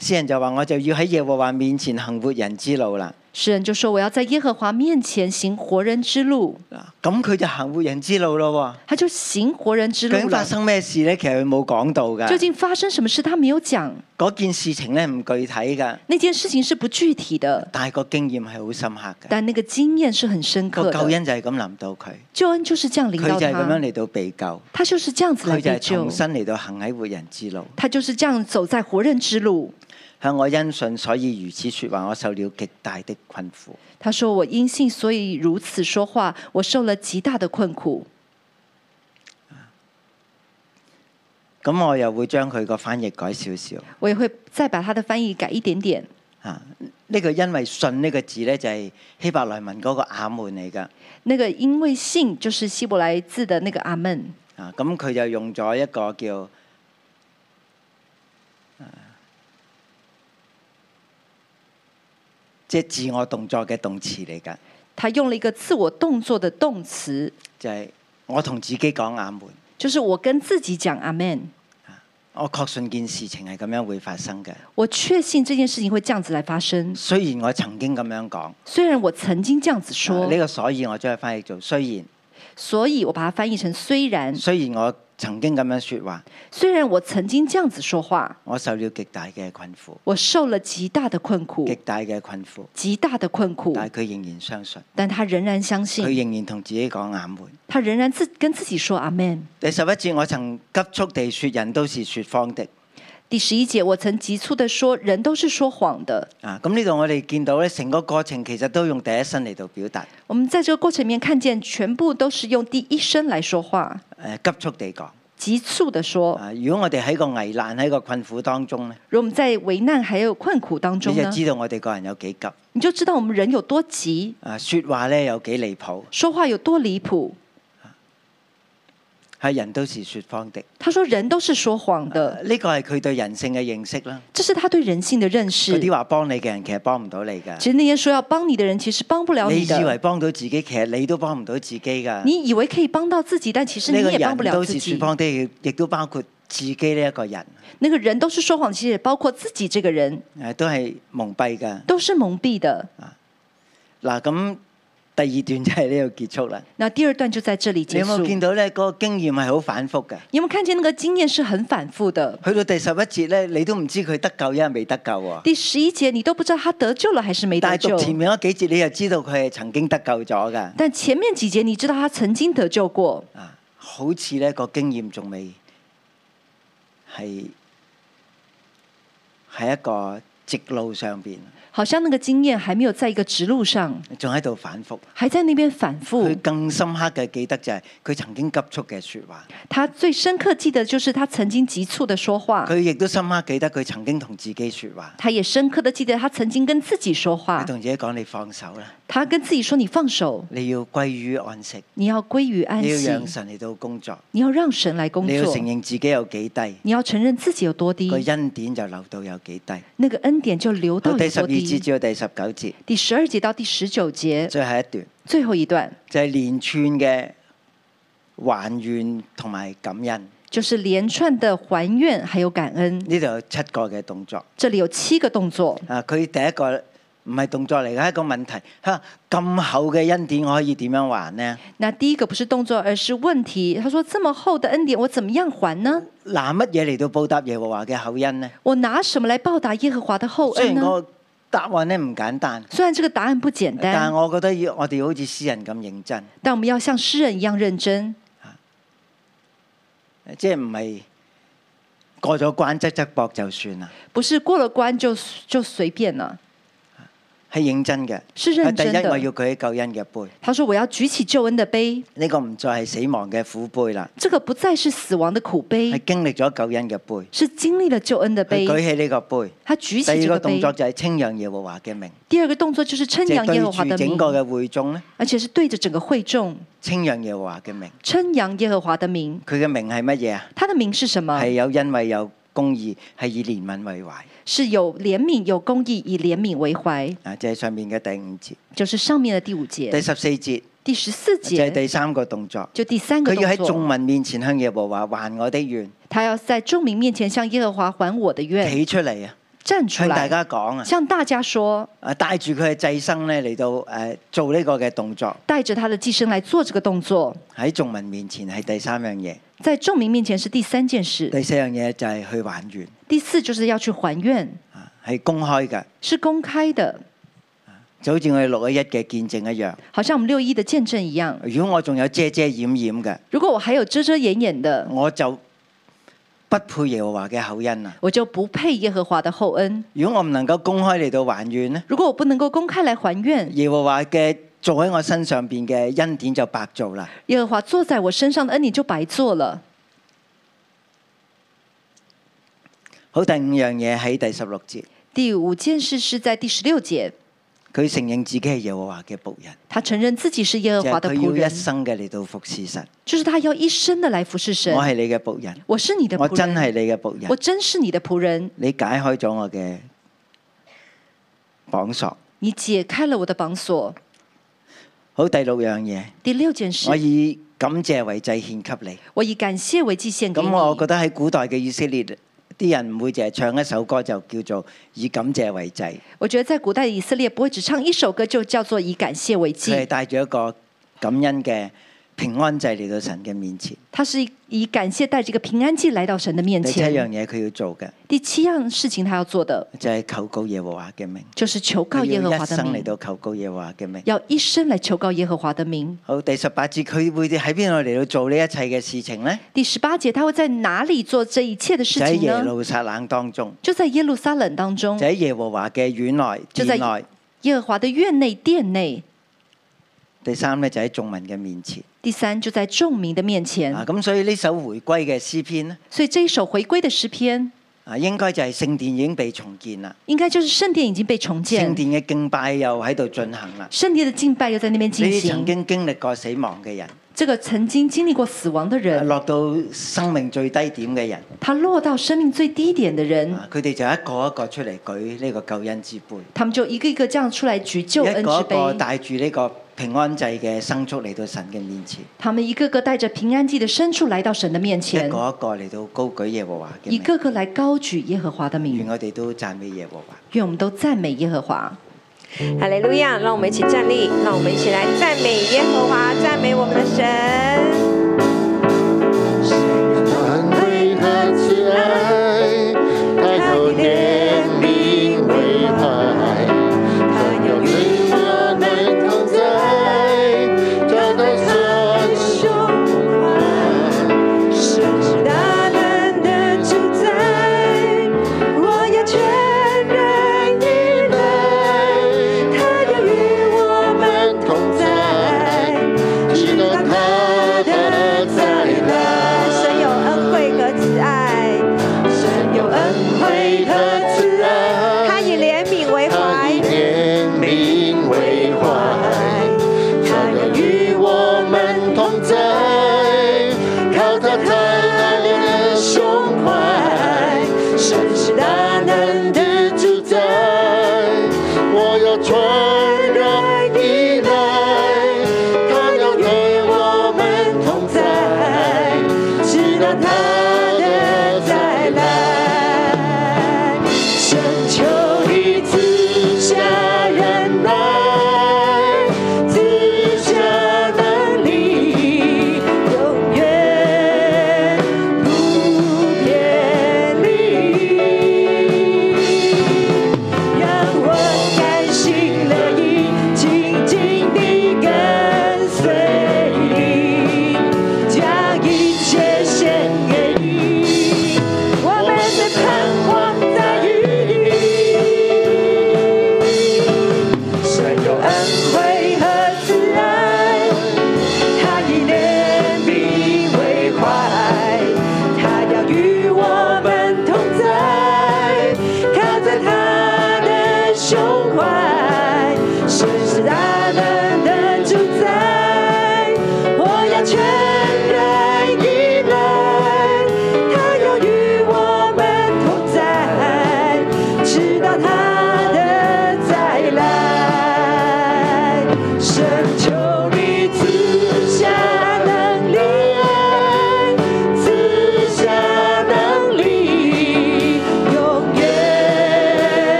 詩人就話：我就要喺耶和華面前行活人之路啦。詩人就說：我要在耶和華面前行活人之路。咁佢就行活人之路咯。佢就行活人之路。究竟發生咩事咧？其實佢冇講到噶。究竟發生什麼事？他沒有講。嗰件事情咧唔具體噶。那件事情是不具體的。但係個經驗係好深刻嘅。但係個經驗是很深刻。個救恩就係咁臨到佢。救恩就是降臨到。佢就係咁樣嚟到被救。他就是這樣子嚟被救。佢就係重新嚟到行喺活人之路。他就是這樣走在活人之路。向我因信，所以如此說話我，說我，說話我受了極大的困苦。他、啊、說：我因信，所以如此說話，我受了極大的困苦。咁我又會將佢個翻譯改少少。我也會再把他的翻譯改一點點。啊，呢、這個因為信呢個字呢，就係希伯來文嗰個阿門嚟㗎。那個因為信就是希伯來字的那個阿門。啊，咁佢就用咗一個叫。即係自我動作嘅動詞嚟㗎，他用了一個自我動作的動詞，就係我同自己講阿門，就是我跟自己講阿門，我確信件事情係咁樣會發生嘅，我確信這件事情會這樣子來發生。雖然我曾經咁樣講，雖然我曾經這樣子說，呢個所以我將佢翻譯做雖然，所以我把它翻譯成雖然，雖然我。曾經咁樣說話，雖然我曾經這樣子說話，我受了極大嘅困苦，我受了極大的困苦，極大嘅困苦，極大的困苦。但佢仍然相信，但他仍然相信，佢仍然同自己講阿門，他仍然自跟自己說阿 Man，第十一節，我曾急促地說，人都是說謊的。第十一節，我曾急促的說，人都是說謊的。啊，咁呢度我哋見到咧，成個過程其實都用第一身嚟到表達。我們在這個過程裡面看見，全部都是用第一身來說話。急促地講，急促的說。啊，如果我哋喺個危難喺個困苦當中咧，如果我們在危難還有困苦當中，你就知道我哋個人有幾急，你就知道我們人有多急。啊，說話咧有幾離譜，說話有多離譜。係人都是說謊的。他說人都是說謊的，呢個係佢對人性嘅認識啦。這是他對人性嘅認識。嗰啲話幫你嘅人其實幫唔到你噶。其實那些說要幫你嘅人，其實幫不了你。你以為幫到自己，其實你都幫唔到自己噶。你以為可以幫到自己，但其實你也幫不了自己。都是說謊的，亦都包括自己呢一個人。呢個人都是說謊，其實包括自己這個人。誒，都係蒙蔽噶。都是蒙蔽的。啊，嗱、啊、咁。第二段就係呢度結束啦。那第二段就在這裏結束。你有冇見到咧？嗰個經驗係好反復嘅。有冇看見那個經驗是很反復的？去到第十一節咧，你都唔知佢得救，因未得救啊。第十一節，你都不知道他得救了還是沒得。但係讀前面嗰幾節，你就知道佢係曾經得救咗嘅。但前面幾節，你知道他曾經得救過。啊，好似呢個經驗仲未係喺一個直路上邊。好像那個經驗還沒有在一個直路上，仲喺度反復，還在那邊反復。佢更深刻嘅記得就係佢曾經急促嘅說話。他最深刻記得就是他曾經急促的說話。佢亦都深刻記得佢曾經同自，自己說話。他也深刻的記得他曾經跟自己說話。你同自己講：你放手啦。他跟自己說：你放手，你要歸於安息，你要歸於安息，你要讓神嚟到工作，你要讓神來工作，你要承認自己有幾低，你要承認自己有多低，個恩典就流到有幾低，那個恩典就流到有多低，第十二節至到第十九節，第十二節到第十九節，最後一段，最後一段就係連串嘅還願同埋感恩，就是連串的還願還有感恩，呢 度有七個嘅動作，這裏有七個動作，啊佢第一個。唔係動作嚟嘅，一個問題吓咁厚嘅恩典，我可以點樣還呢？嗱，第一個不是動作，而是問題。他說：這麼厚的恩典，我怎麼樣還呢？拿乜嘢嚟到報答耶和華嘅厚恩呢？我拿什麼嚟報答耶和華嘅厚恩呢？哎、我答案呢唔簡單。雖然這個答案不簡單，但係我覺得要我哋好似詩人咁認真。但我們要像詩人一樣認真。啊、即係唔係過咗關即即搏就算啦？不是過了關就就隨便啦？係認真嘅，係第一，我要舉起救恩嘅杯。他說我要舉起救恩嘅杯，呢個唔再係死亡嘅苦杯啦。這個不再是死亡嘅苦杯，、這個、苦杯，係經歷咗救恩嘅杯，是經歷了救恩嘅杯。舉起呢個杯，他舉起個杯。第二個動作就係稱揚耶和華嘅名。第二個動作就是稱揚耶和華嘅名。就是、整個嘅會眾咧，而且是對着整個會眾稱揚耶和華嘅名。稱揚耶和華嘅名，佢嘅名係乜嘢啊？他嘅名是什麼？係有因為有公義，係以憐憫為懷。是有憐憫有公義，以憐憫為懷。啊，即係上面嘅第五節，就是上面嘅第五節，第十四節，第十四節，即係第三個動作，就第三個。佢要喺眾民面前向耶和華還我的願，他要在眾民面前向耶和華還我的願，起出嚟啊，站出嚟，大家講啊，向大家說，啊，帶住佢嘅祭牲咧，嚟到誒做呢個嘅動作，帶着他嘅祭牲嚟做這個動作，喺眾民面前係第三樣嘢，在眾民面前是第三件事，第四樣嘢就係去還願。第四就是要去還願，係公開嘅，是公開的，就好似我哋六一嘅見證一樣，好像我們六一的見證一樣。如果我仲有遮遮掩掩嘅，如果我還有遮遮掩掩的，我就不配耶和華嘅厚恩啊！我就不配耶和華嘅厚恩。如果我唔能夠公開嚟到還願呢，如果我不能夠公開嚟還願，耶和華嘅坐喺我身上邊嘅恩典就白做啦。耶和華坐在我身上嘅恩典就白做了。好，第五樣嘢，喺第十六節。第五件事是在第十六節，佢承認自己係耶和華嘅僕人。他承認自己是耶和華的僕人、就是、要一生嘅嚟到服侍神。就是他要一生嘅來服侍神。我係你嘅僕人。我是你的僕人。我真係你嘅僕人。我真是你嘅僕人。你解開咗我嘅綁索。你解開了我的綁索。好，第六樣嘢。第六件事，我以感謝為祭獻給你。我以感謝為祭獻給你。咁我覺得喺古代嘅以色列。啲人唔會淨係唱一首歌就叫做以感謝為祭。我覺得在古代以色列不會只唱一首歌就叫做以感謝為祭。佢係帶住一個感恩嘅。平安祭嚟到神嘅面前，他是以感謝帶這個平安祭嚟到神嘅面前。第七樣嘢佢要做嘅，第七樣事情他要做的就係求告耶和華嘅名，就是求告耶和華的名。就是、的名一生嚟到求告耶和華嘅名，要一生嚟求告耶和華嘅名。好，第十八節佢會喺邊度嚟到做呢一切嘅事情呢？第十八節，他會在哪裏做這一切嘅事情呢？喺耶路撒冷當中，就喺耶路撒冷當中，就喺耶和華嘅院內，就喺耶和華嘅院內殿內。第三咧就喺眾民嘅面前。第三就在眾民的面前。咁、啊、所以呢首回歸嘅詩篇咧，所以這一首回歸的詩篇啊，應該就係聖殿已經被重建啦。應該就是聖殿已經被重建，聖殿嘅敬拜又喺度進行啦。聖殿的敬拜又在那邊進行。你曾經經歷過死亡嘅人，這個曾經經歷過死亡嘅人、啊，落到生命最低點嘅人，他落到生命最低點嘅人，佢哋就一個一個出嚟舉呢個救恩之杯。他們就一個一個這樣出來舉救恩之杯。一個一個帶住呢、這個。平安祭嘅牲畜嚟到神嘅面前，他們一個一個帶着平安祭嘅牲畜嚟到神嘅面前，一個一個嚟到高舉耶和華，一個一個嚟高舉耶和華嘅名，願我哋都讚美耶和華，願我們都讚美耶和華。哈利路亞！讓我們一起站立，讓我們一起來讚美耶和華，讚美我們的神。啊啊啊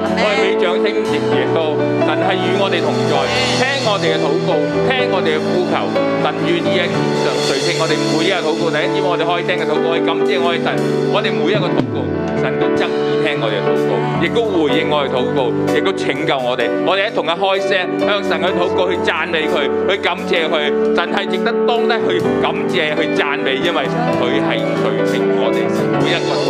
我哋俾掌聲，亦唔多。神係與我哋同在，聽我哋嘅禱告，聽我哋嘅呼求。神願意喺天上垂聽我哋每一個禱告，第一點我哋開聲嘅禱告係感謝我哋神。我哋每一個禱告，神都執意聽我哋嘅禱告，亦都回應我哋禱告，亦都拯救我哋。我哋喺同佢開聲，向神去禱告，去讚美佢，去感謝佢。神係值得當得去感謝，去讚美，因為佢係垂聽我哋每一個。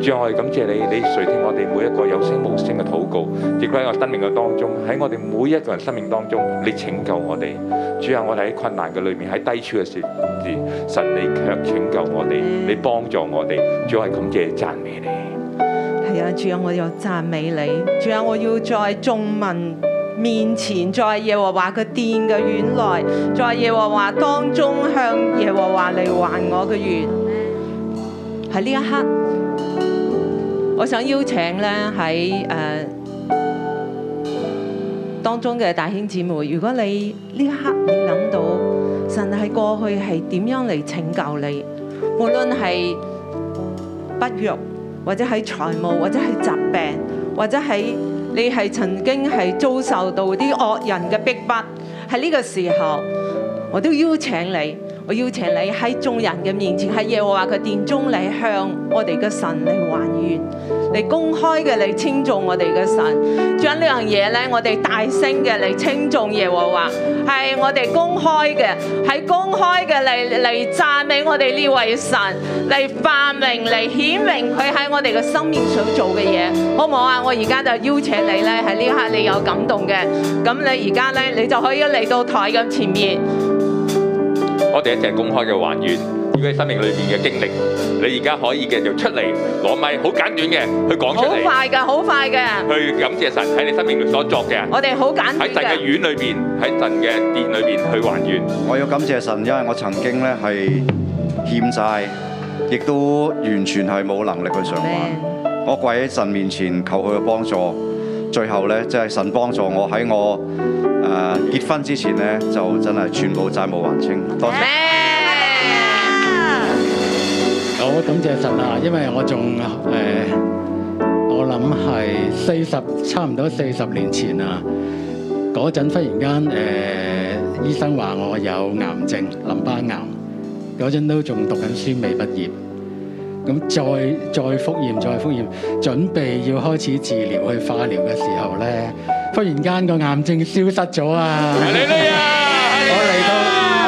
主我係感謝你，你垂聽我哋每一個有聲無聲嘅禱告，亦喺我生命嘅當中，喺我哋每一個人生命當中，你拯救我哋。主啊，我哋喺困難嘅裏面，喺低處嘅時，神你卻拯救我哋，你幫助我哋。主我係感謝讚美你。係啊，主啊，我要讚美你。主啊，我要在眾民面前，在耶和華嘅殿嘅院內，在耶和華當中，向耶和華嚟還我嘅願。喺呢一刻。我想邀請咧喺誒當中嘅弟兄姊妹，如果你呢一刻你諗到神喺過去係點樣嚟拯救你，無論係不育或者係財務或者係疾病或者係你係曾經係遭受到啲惡人嘅逼迫，喺呢個時候，我都邀請你，我邀請你喺眾人嘅面前，喺耶和華嘅殿中嚟向我哋嘅神嚟還願。嚟公開嘅嚟稱頌我哋嘅神，將呢樣嘢咧，我哋大聲嘅嚟稱頌耶和華，係我哋公開嘅，係公開嘅嚟嚟讚美我哋呢位神，嚟發明嚟顯明佢喺我哋嘅生命上做嘅嘢。好唔好啊？我而家就邀請你咧，喺呢刻你有感動嘅，咁你而家呢，你就可以嚟到台咁前面。我哋一齊公開嘅還原，於佢生命裏面嘅經歷。你而家可以繼續出嚟攞咪，好簡短嘅去講出嚟。好快噶，好快嘅。去感謝神喺你生命裏所作嘅。我哋好簡短。喺神嘅院裏邊，喺神嘅殿裏邊去還願。我要感謝神，因為我曾經咧係欠債，亦都完全係冇能力去償還。我跪喺神面前求佢嘅幫助，最後咧即係神幫助我喺我誒、呃、結婚之前咧就真係全部債務還清。多謝。我感謝神啊，因為我仲誒、呃，我諗係四十差唔多四十年前啊，嗰陣忽然間誒、呃，醫生話我有癌症，淋巴癌，嗰陣都仲讀緊書未畢業，咁再再複驗再複驗，準備要開始治療去化療嘅時候咧，忽然間個癌症消失咗啊！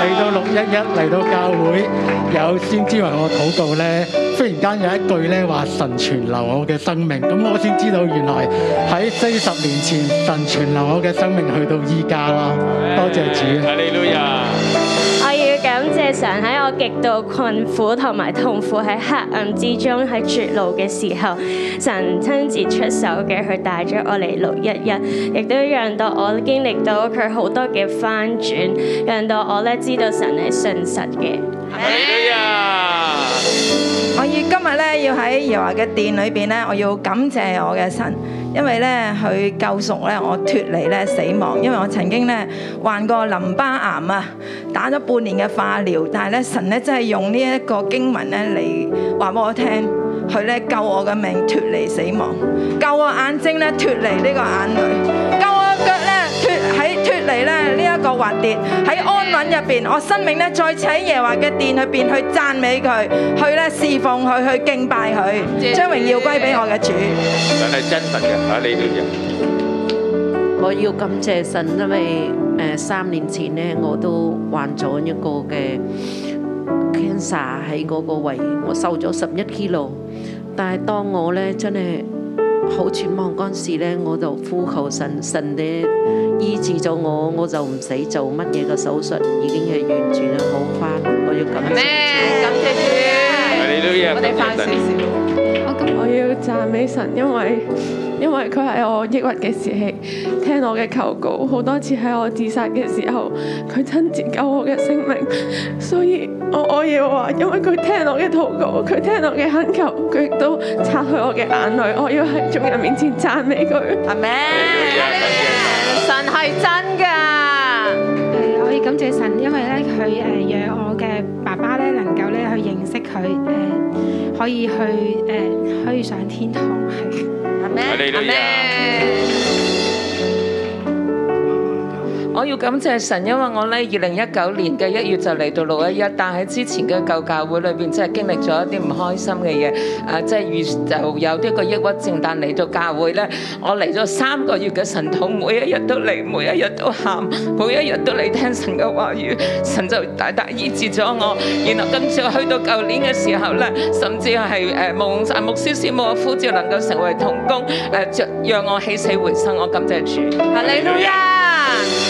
嚟到六一一嚟到教會有先知為我禱告呢：「忽然間有一句呢話，神存留我嘅生命，咁我先知道原來喺四十年前神存留我嘅生命去到依家啦，多謝主。Hey, 神喺我極度困苦同埋痛苦，喺黑暗之中，喺絕路嘅時候，神親自出手嘅。佢帶咗我嚟六一日，亦都讓到我經歷到佢好多嘅翻轉，讓到我咧知道神係信實嘅。阿、hey. 利亞，我要今日咧要喺耶和華嘅殿裏邊咧，我要感謝我嘅神。因為咧，佢救贖咧，我脫離咧死亡。因為我曾經咧患過淋巴癌啊，打咗半年嘅化療，但係咧神咧真係用呢一個經文咧嚟，話俾我聽佢咧救我嘅命，脫離死亡，救我眼睛咧脫離呢個眼淚，救我腳咧脫喺。嚟咧呢一個滑跌喺安穩入邊，我生命咧再請耶和華嘅殿入邊去讚美佢，去咧侍奉佢，去敬拜佢，將榮耀歸俾我嘅主。神係真實嘅，喺你度嘅。我要感謝神，因為誒三年前咧我都患咗一個嘅 cancer 喺我個胃，我瘦咗十一 kilogram，但係當我咧真係。好絕望嗰陣時咧，我就呼求神，神咧醫治咗我，我就唔使做乜嘢嘅手術，已經係完全好返，我要感謝神。感謝主。我哋快少少。我要我，我要讚美神，因為。因為佢係我抑鬱嘅時期聽我嘅求告，好多次喺我自殺嘅時候，佢親自救我嘅生命，所以我我要話，因為佢聽我嘅禱告，佢聽我嘅懇求，佢亦都擦去我嘅眼淚，我要喺眾人面前讚美佢。阿們。神係真㗎。誒、呃，我要感謝神，因為咧佢誒約我，認識佢、呃、可以去去、呃、可以上天堂係咩？我要感謝神，因為我咧二零一九年嘅一月就嚟到六一一，但喺之前嘅舊教會裏邊真係經歷咗一啲唔開心嘅嘢，誒、啊、即係越就有啲個抑鬱症，但嚟到教會咧，我嚟咗三個月嘅神禱，每一日都嚟，每一日都喊，每一日都嚟聽神嘅話語，神就大大醫治咗我。然後今次去到舊年嘅時候咧，甚至係誒夢，甚至夢嘅呼召能夠成為同工，誒、呃、讓讓我起死回生，我感謝主。嚟六一！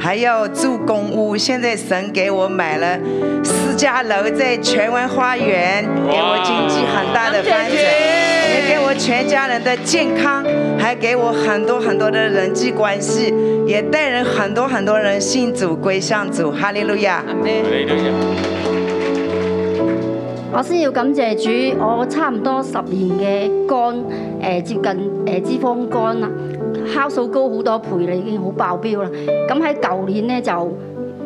還要住公屋，現在神給我買了私家樓，在荃灣花園，給我經濟很大的翻身，也給我全家人的健康，還給我很多很多的人際關係，也帶人很多很多人信主歸向主，哈利路亞。哈利路亞。我先要感謝主，我差唔多十年嘅肝，誒接近誒脂肪肝啦。酵素高好多倍啦，已經好爆標啦。咁喺舊年呢，就誒、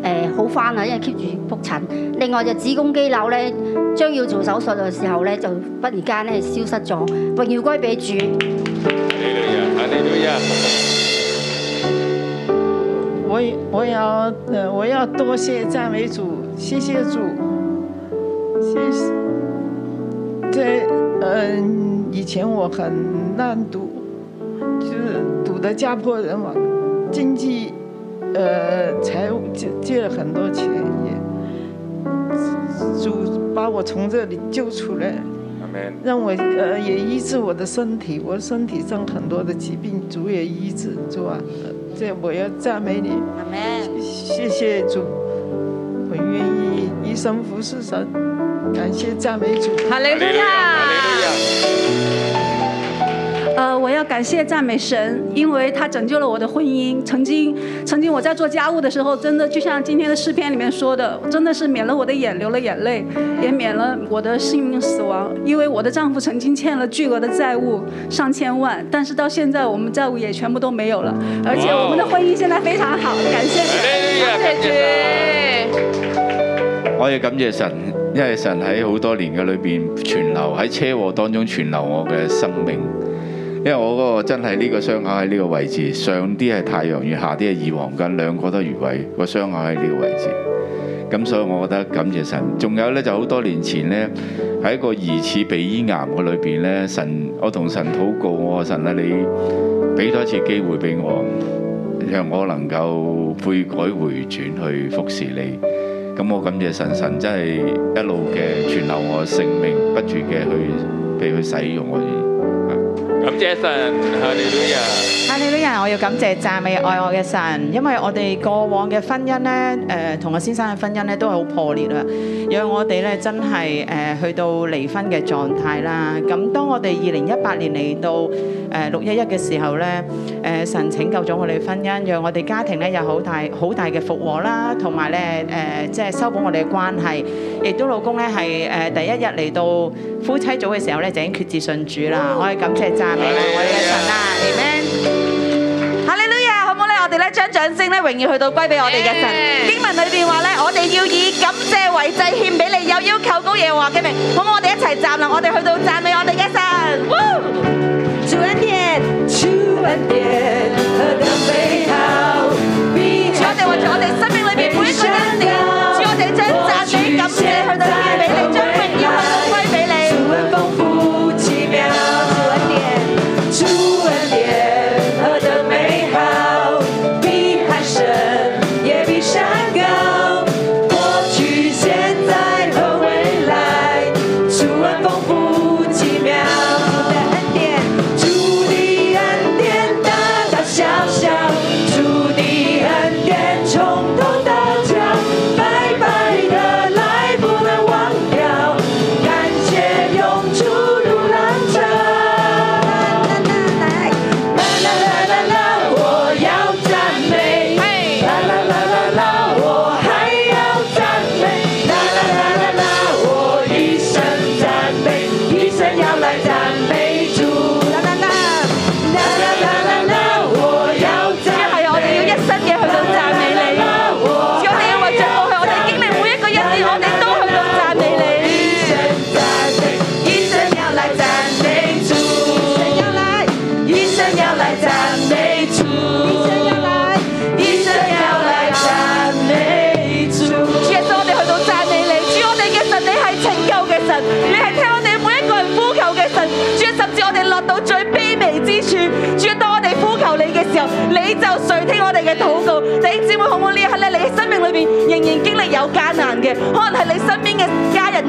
呃、好返啦，因為 keep 住覆診。另外就子宮肌瘤咧，將要做手術嘅時候咧，就忽然間咧消失咗，榮耀歸主。我我要嗯，我要多謝讚美主，謝謝主，謝謝。對，嗯、呃、以前我很爛賭。就是賭得家破人亡，經濟，呃，財務借借了很多錢，也主把我從這裏救出來，Amen. 讓我呃也醫治我的身體，我身體上很多的疾病，主也醫治，主啊，這我要讚美你，Amen. 謝謝主，我願意一生服侍神，感謝讚美主，哈利路呃，我要感謝讚美神，因為他拯救了我的婚姻。曾經，曾經我在做家務的時候，真的就像今天的詩篇裏面說的，真的是免了我的眼流了眼淚，也免了我的性命死亡。因為我的丈夫曾經欠了巨額的債務，上千萬，但是到現在我們債務也全部都沒有了，而且我們的婚姻現在非常好。感謝，感謝神，謝謝。我也感謝神，因為神喺好多年嘅裏邊存留在車禍當中存留我嘅生命。因為我嗰個真係呢個傷口喺呢個位置，上啲係太陽穴，下啲係耳旁筋，兩個都穴位個傷口喺呢個位置。咁所以我覺得感謝神。仲有呢，就好多年前呢，喺一個疑似鼻咽癌嘅裏邊呢，神，我同神禱告，我：「神啊，你俾多一次機會俾我，讓我能夠悔改回轉去服侍你。」咁我感謝神，神真係一路嘅存留我性命，不斷嘅去俾佢使用我。感 j a s o n 哈利路亞，哈利路亞！我要感謝讚美愛我嘅神，因為我哋過往嘅婚姻咧，誒、呃，同我先生嘅婚姻咧都係好破裂啦，因為我哋咧真係誒、呃、去到離婚嘅狀態啦。咁當我哋二零一八年嚟到，誒六一一嘅時候咧，誒神拯救咗我哋婚姻，讓我哋家庭咧有好大好大嘅復和啦，同埋咧誒即係修補我哋嘅關係，亦都老公咧係誒第一日嚟到夫妻組嘅時候咧就已經決志信主啦。我係感謝讚美我哋嘅神啊，阿們！哈利路亞，好唔好咧？我哋咧將掌聲咧永遠去到歸俾我哋嘅神。經文裏邊話咧，我哋要以感謝為祭獻俾你，有要求高嘅話，記唔記？好唔好？我哋一齊站啦！我哋去到讚美我哋嘅神。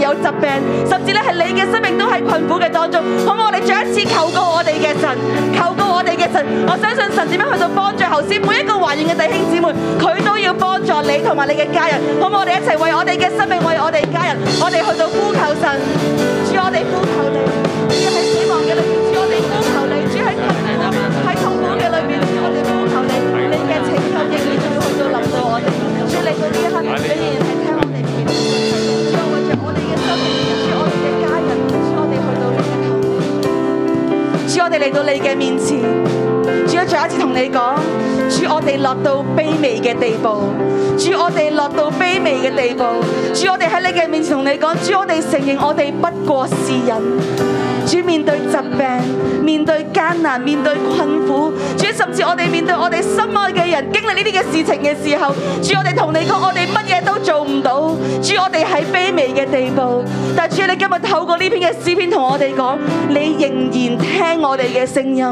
有疾病，甚至咧係你嘅生命都喺困苦嘅當中，可唔可以我哋再一次求告我哋嘅神，求告我哋嘅神？我相信神點樣去到幫助頭先，每一個患難嘅弟兄姊妹，佢都要幫助你同埋你嘅家人，可唔可以我哋一齊為我哋嘅生命，為我哋嘅家人，我哋去到呼求神，主我哋呼求你。嚟到你嘅面前，主啊，再一次同你講，主，我哋落到卑微嘅地步，主，我哋落到卑微嘅地步，主，我哋喺你嘅面前同你講，主，我哋承認我哋不過是人。主面對疾病，面對艱難，面對困苦，主甚至我哋面對我哋心愛嘅人經歷呢啲嘅事情嘅時候，主我哋同你講，我哋乜嘢都做唔到，主我哋喺卑微嘅地步，但主你今日透過呢篇嘅詩篇同我哋講，你仍然聽我哋嘅聲音，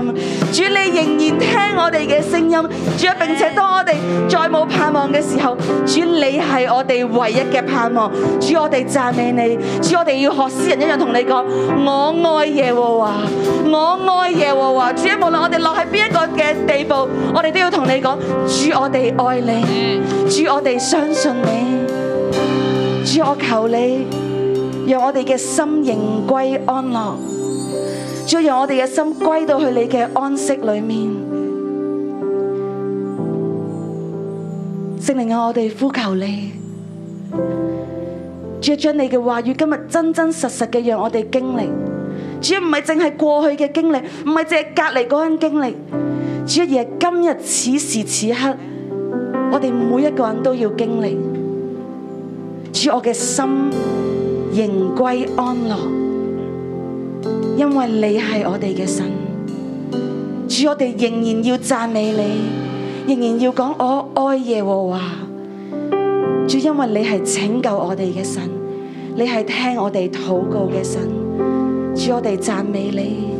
主你仍然聽我哋嘅聲音，主啊，並且當我哋再冇盼望嘅時候，主你係我哋唯一嘅盼望，主我哋讚美你，主我哋要學詩人一樣同你講，我愛。耶和華，我愛耶和華。主啊，無論我哋落喺邊一個嘅地步，我哋都要同你講：主，我哋愛你；主，我哋相信你；主，我求你，讓我哋嘅心仍歸安樂。主，讓我哋嘅心歸到去你嘅安息裏面。聖靈啊，我哋呼求你，主，將你嘅話語今日真真實實嘅讓我哋經歷。主唔係淨係過去嘅經歷，唔係淨係隔籬嗰間經歷，主，亦係今日此時此刻，我哋每一個人都要經歷。主，我嘅心仍歸安樂，因為你係我哋嘅神。主，我哋仍然要讚美你，仍然要講我愛耶和華。主，因為你係拯救我哋嘅神，你係聽我哋禱告嘅神。我哋讚美你。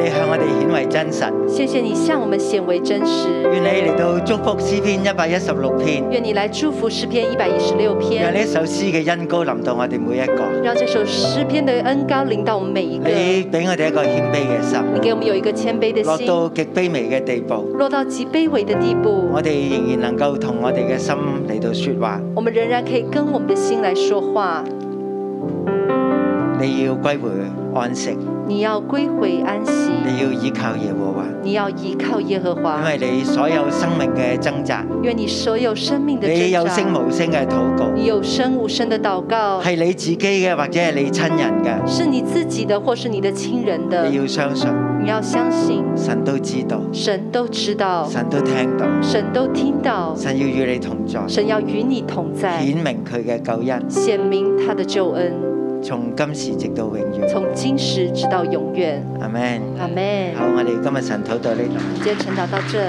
你向我哋顯為真實，謝謝你向我們顯為真實。願你嚟到祝福詩篇一百一十六篇，願你來祝福詩篇一百一十六篇，讓呢一首詩嘅恩高臨到我哋每一個，讓這首詩篇的恩高臨到我們每一個。一個你俾我哋一個謙卑嘅心，你給我們有一個謙卑的心，落到極卑微嘅地步，落到極卑微的地步，我哋仍然能夠同我哋嘅心嚟到說話，我們仍然可以跟我們嘅心嚟說話。你要歸回安息。你要歸回安息，你要依靠耶和華，你要依靠耶和華，因為你所有生命嘅掙扎，願你所有生命的掙扎，你有聲無聲嘅禱告，有聲無聲的禱告，係你自己嘅或者係你親人嘅，是你自己的或是你的親人的，你要相信，你要相信，神都知道，神都知道，神都聽到，神都聽到，神要與你同在，神要與你同在，顯明佢嘅救恩，顯明他的救恩。從今時直到永遠。從今時直到永遠。阿門，阿門，好，我哋今日晨禱到呢度。今日晨禱到這。